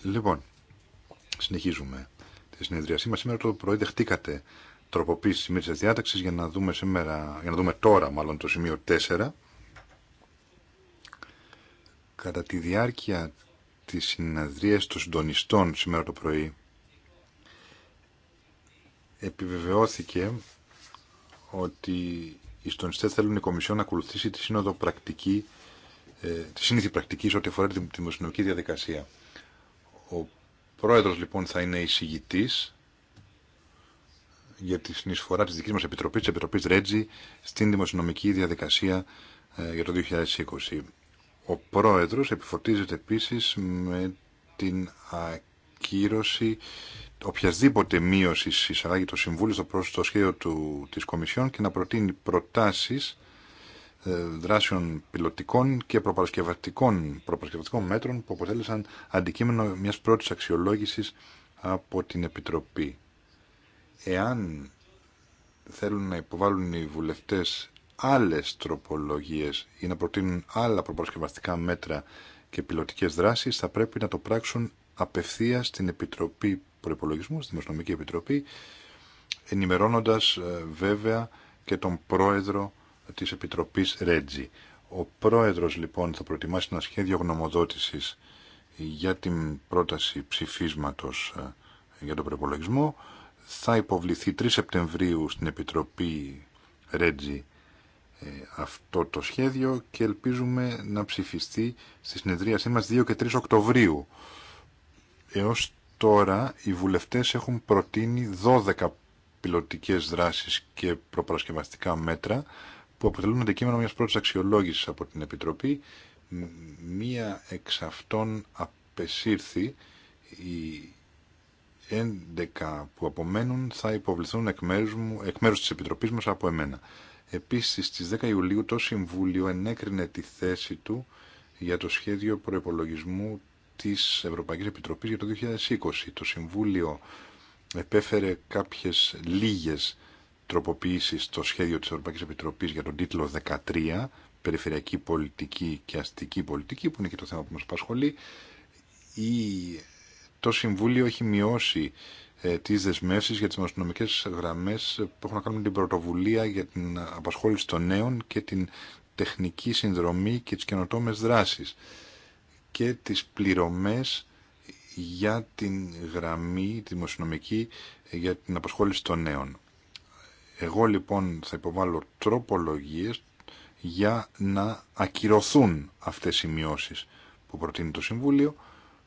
λοιπόν, συνεχίζουμε τη συνεδρίασή μα. Σήμερα το πρωί δεχτήκατε τροποποίηση τη σημερινή διάταξη για να δούμε σήμερα, για να δούμε τώρα μάλλον το σημείο 4. Κατά τη διάρκεια τη συνεδρία των συντονιστών σήμερα το πρωί, επιβεβαιώθηκε ότι οι συντονιστέ θέλουν η Κομισιόν να ακολουθήσει τη σύνοδο πρακτική, ε, τη σύνηθη πρακτική σε ό,τι αφορά τη δημοσιονομική διαδικασία. Ο πρόεδρος λοιπόν θα είναι εισηγητή για τη συνεισφορά της δική μα επιτροπής, τη επιτροπή Ρέτζη, στην δημοσιονομική διαδικασία ε, για το 2020. Ο πρόεδρος επιφορτίζεται επίση με την κύρωση οποιασδήποτε μείωση εισαγάγει το Συμβούλιο στο το σχέδιο του, της Κομισιόν και να προτείνει προτάσεις ε, δράσεων πιλωτικών και προπαρασκευαστικών, προπαρασκευαστικών μέτρων που αποτέλεσαν αντικείμενο μιας πρώτης αξιολόγησης από την Επιτροπή. Εάν θέλουν να υποβάλουν οι βουλευτές άλλες τροπολογίες ή να προτείνουν άλλα προπαρασκευαστικά μέτρα και πιλωτικές δράσεις θα πρέπει να το πράξουν απευθεία στην Επιτροπή Προπολογισμού, στη Δημοσιονομική Επιτροπή, ενημερώνοντα ε, βέβαια και τον πρόεδρο της επιτροπή Ρέτζη. Ο πρόεδρο λοιπόν θα προετοιμάσει ένα σχέδιο γνωμοδότηση για την πρόταση ψηφίσματο ε, για τον προπολογισμό. Θα υποβληθεί 3 Σεπτεμβρίου στην Επιτροπή Ρέτζη ε, αυτό το σχέδιο και ελπίζουμε να ψηφιστεί στη συνεδρίασή μας 2 και 3 Οκτωβρίου. Έως τώρα οι βουλευτές έχουν προτείνει 12 πιλωτικές δράσεις και προπαρασκευαστικά μέτρα που αποτελούν αντικείμενο μιας πρώτης αξιολόγησης από την Επιτροπή. Μία εξ αυτών απεσύρθη η 11 που απομένουν θα υποβληθούν εκ μέρους, μου, εκ μέρους της Επιτροπής μας από εμένα. Επίσης, στις 10 Ιουλίου το Συμβούλιο ενέκρινε τη θέση του για το σχέδιο προϋπολογισμού της Ευρωπαϊκής Επιτροπής για το 2020. Το Συμβούλιο επέφερε κάποιες λίγες τροποποιήσεις στο σχέδιο της Ευρωπαϊκής Επιτροπής για τον τίτλο 13, περιφερειακή πολιτική και αστική πολιτική, που είναι και το θέμα που μας απασχολεί, η... το Συμβούλιο έχει μειώσει ε, τις δεσμεύσεις για τις μαστονομικές γραμμές που έχουν να κάνουν την πρωτοβουλία για την απασχόληση των νέων και την τεχνική συνδρομή και τις καινοτόμες δράσεις και τις πληρωμές για την γραμμή τη δημοσιονομική για την αποσχόληση των νέων. Εγώ λοιπόν θα υποβάλω τροπολογίες για να ακυρωθούν αυτές οι μειώσεις που προτείνει το Συμβούλιο.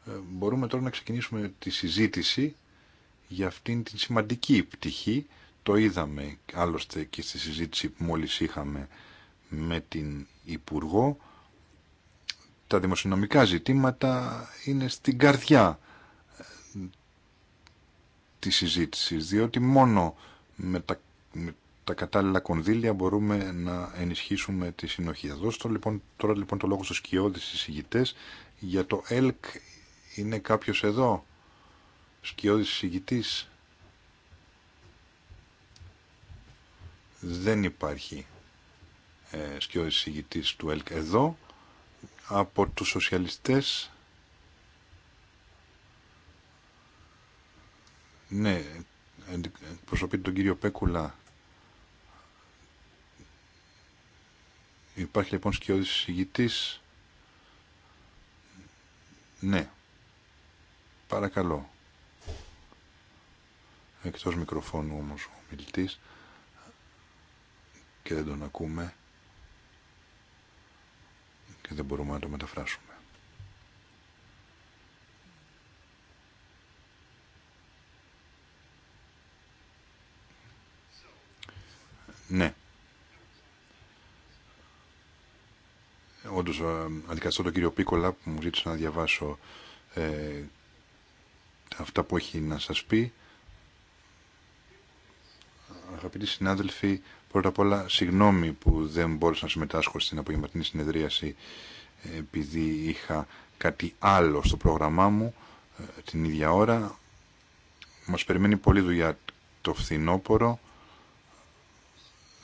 Ε, μπορούμε τώρα να ξεκινήσουμε τη συζήτηση για αυτήν την σημαντική πτυχή. Το είδαμε άλλωστε και στη συζήτηση που μόλις είχαμε με την Υπουργό τα δημοσιονομικά ζητήματα είναι στην καρδιά ε, της συζήτησης, διότι μόνο με τα, κατάλληλα κονδύλια μπορούμε να ενισχύσουμε τη συνοχή. Θα δώσω λοιπόν, τώρα λοιπόν το λόγο στους σκιώδης συζητητές για το ΕΛΚ είναι κάποιος εδώ, σκιώδης συζητητής. Δεν υπάρχει ε, σκιώδης του ΕΛΚ εδώ από τους σοσιαλιστές. Ναι, προσωπεί τον κύριο Πέκουλα. Υπάρχει λοιπόν σκιώδης συγητής. Ναι. Παρακαλώ. Εκτός μικροφώνου όμως ο μιλητής και δεν τον ακούμε και δεν μπορούμε να το μεταφράσουμε. Ναι. Όντω, αντικαστώ τον κύριο Πίκολα που μου ζήτησε να διαβάσω ε, αυτά που έχει να σας πει. Αγαπητοί συνάδελφοι, Πρώτα απ' όλα, συγγνώμη που δεν μπόρεσα να συμμετάσχω στην απογευματινή συνεδρίαση ε, επειδή είχα κάτι άλλο στο πρόγραμμά μου ε, την ίδια ώρα. Μας περιμένει πολλή δουλειά το φθινόπωρο.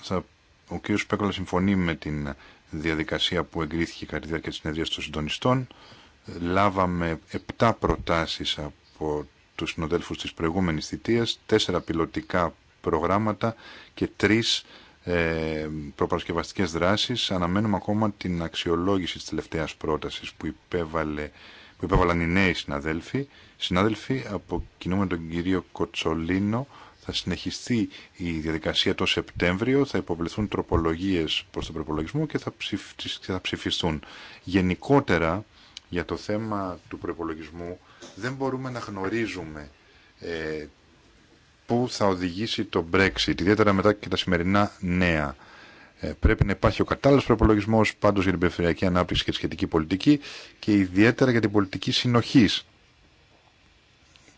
Θα, ο κ. Πέκολα συμφωνεί με την διαδικασία που εγκρίθηκε κατά τη διάρκεια της συνεδρίας των συντονιστών. Λάβαμε 7 προτάσεις από τους συνοδέλφους της προηγούμενης θητείας, 4 πιλωτικά προγράμματα και τρεις ε, προπαρασκευαστικές δράσεις. Αναμένουμε ακόμα την αξιολόγηση της τελευταίας πρότασης που, υπέβαλε, που υπέβαλαν οι νέοι συναδέλφοι. Συνάδελφοι, από τον κύριο Κοτσολίνο θα συνεχιστεί η διαδικασία το Σεπτέμβριο, θα υποβληθούν τροπολογίες προς τον προπολογισμό και θα, ψηφιστούν. Γενικότερα, για το θέμα του προπολογισμού δεν μπορούμε να γνωρίζουμε ε, που θα οδηγήσει το Brexit, ιδιαίτερα μετά και τα σημερινά νέα. Ε, πρέπει να υπάρχει ο κατάλληλο προπολογισμό πάντω για την περιφερειακή ανάπτυξη και τη σχετική πολιτική και ιδιαίτερα για την πολιτική συνοχή,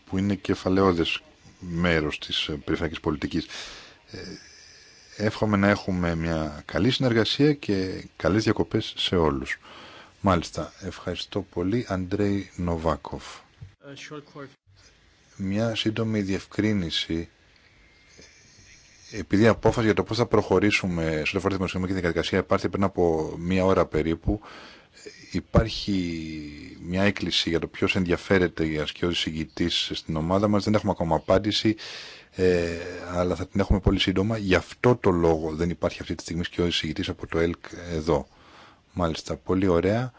που είναι κεφαλαιόδε μέρο τη ε, περιφερειακή πολιτική. Ε, εύχομαι να έχουμε μια καλή συνεργασία και καλέ διακοπέ σε όλου. Μάλιστα. Ευχαριστώ πολύ. Αντρέι Νοβάκοφ μια σύντομη διευκρίνηση επειδή η απόφαση για το πώς θα προχωρήσουμε σε ό,τι αφορά τη δημοσιονομική διαδικασία υπάρχει πριν από μία ώρα περίπου, υπάρχει μια έκκληση για το ποιος ενδιαφέρεται για ως συγκητής στην ομάδα μας. Δεν έχουμε ακόμα απάντηση, ε, αλλά θα την έχουμε πολύ σύντομα. Γι' αυτό το λόγο δεν υπάρχει αυτή τη στιγμή ως συγκητής από το ΕΛΚ εδώ. Μάλιστα, πολύ ωραία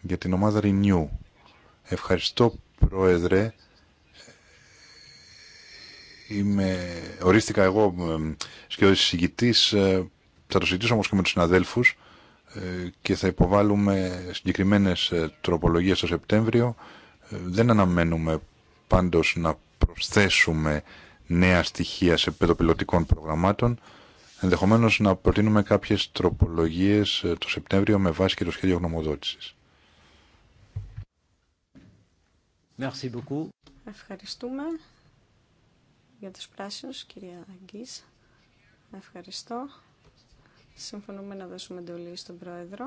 για την ομάδα Renew. Ευχαριστώ, Πρόεδρε. Είμαι, ορίστηκα εγώ σχεδόν συζητητής, ε, θα το συζητήσω όμως και με τους συναδέλφους ε, και θα υποβάλουμε συγκεκριμένες ε, τροπολογίες το Σεπτέμβριο. Δεν αναμένουμε πάντως να προσθέσουμε νέα στοιχεία σε παιδοπιλωτικών προγραμμάτων. Ενδεχομένως να προτείνουμε κάποιες τροπολογίες το Σεπτέμβριο με βάση και το σχέδιο γνωμοδότησης. Ευχαριστούμε για τους πράσινους, κυρία Αγγής. Ευχαριστώ. Συμφωνούμε να δώσουμε εντολή στον Πρόεδρο.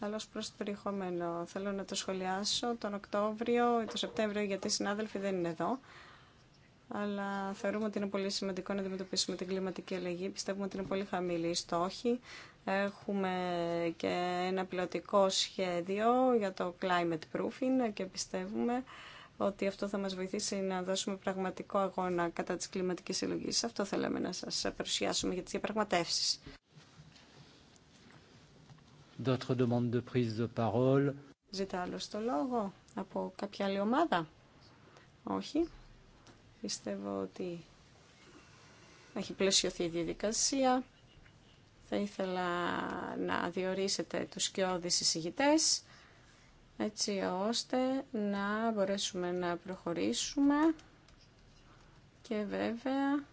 Αλλά ως προς το περιεχόμενο θέλω να το σχολιάσω τον Οκτώβριο ή τον Σεπτέμβριο γιατί οι συνάδελφοι δεν είναι εδώ. Αλλά θεωρούμε ότι είναι πολύ σημαντικό να αντιμετωπίσουμε την κλιματική αλλαγή. Πιστεύουμε ότι είναι πολύ χαμηλή η στόχη. Έχουμε και ένα πιλωτικό σχέδιο για το climate proofing και πιστεύουμε ότι αυτό θα μας βοηθήσει να δώσουμε πραγματικό αγώνα κατά της κλιματικής συλλογή. Αυτό θέλαμε να σας παρουσιάσουμε για τις διαπραγματεύσεις. De prise de parole. Ζητά άλλο το λόγο από κάποια άλλη ομάδα. Όχι. Πιστεύω ότι έχει πλαισιωθεί η διαδικασία. Θα ήθελα να διορίσετε τους κοιόδης εισηγητές έτσι ώστε να μπορέσουμε να προχωρήσουμε και βέβαια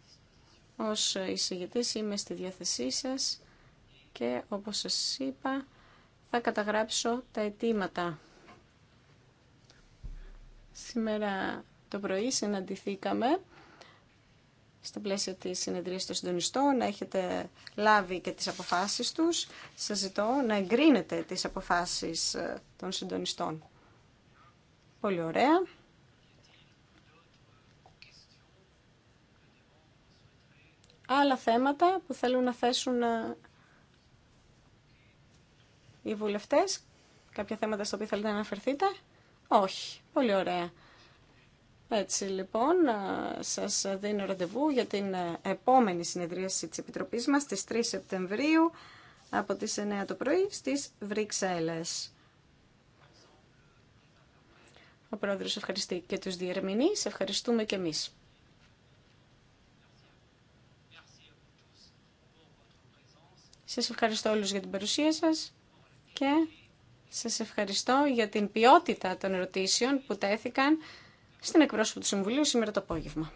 ως εισηγητής είμαι στη διάθεσή σας και όπως σας είπα θα καταγράψω τα αιτήματα. Σήμερα το πρωί συναντηθήκαμε στα πλαίσια της συνεδρίας των συντονιστών, να έχετε λάβει και τις αποφάσεις τους. Σας ζητώ να εγκρίνετε τις αποφάσεις ε, των συντονιστών. Πολύ ωραία. Άλλα θέματα που θέλουν να θέσουν ε, οι βουλευτές. Κάποια θέματα στα οποία θέλετε να αναφερθείτε. Όχι. Πολύ ωραία. Έτσι λοιπόν, σας δίνω ραντεβού για την ε, επόμενη συνεδρίαση της Επιτροπής μας, στις 3 Σεπτεμβρίου, από τις 9 το πρωί, στις Βρυξέλλες. Ο Πρόεδρος ευχαριστεί και τους διερμηνείς, ευχαριστούμε και εμείς. Σας ευχαριστώ όλους για την παρουσία σας και σας ευχαριστώ για την ποιότητα των ερωτήσεων που τέθηκαν στην εκπρόσωπο του Συμβουλίου σήμερα το απόγευμα.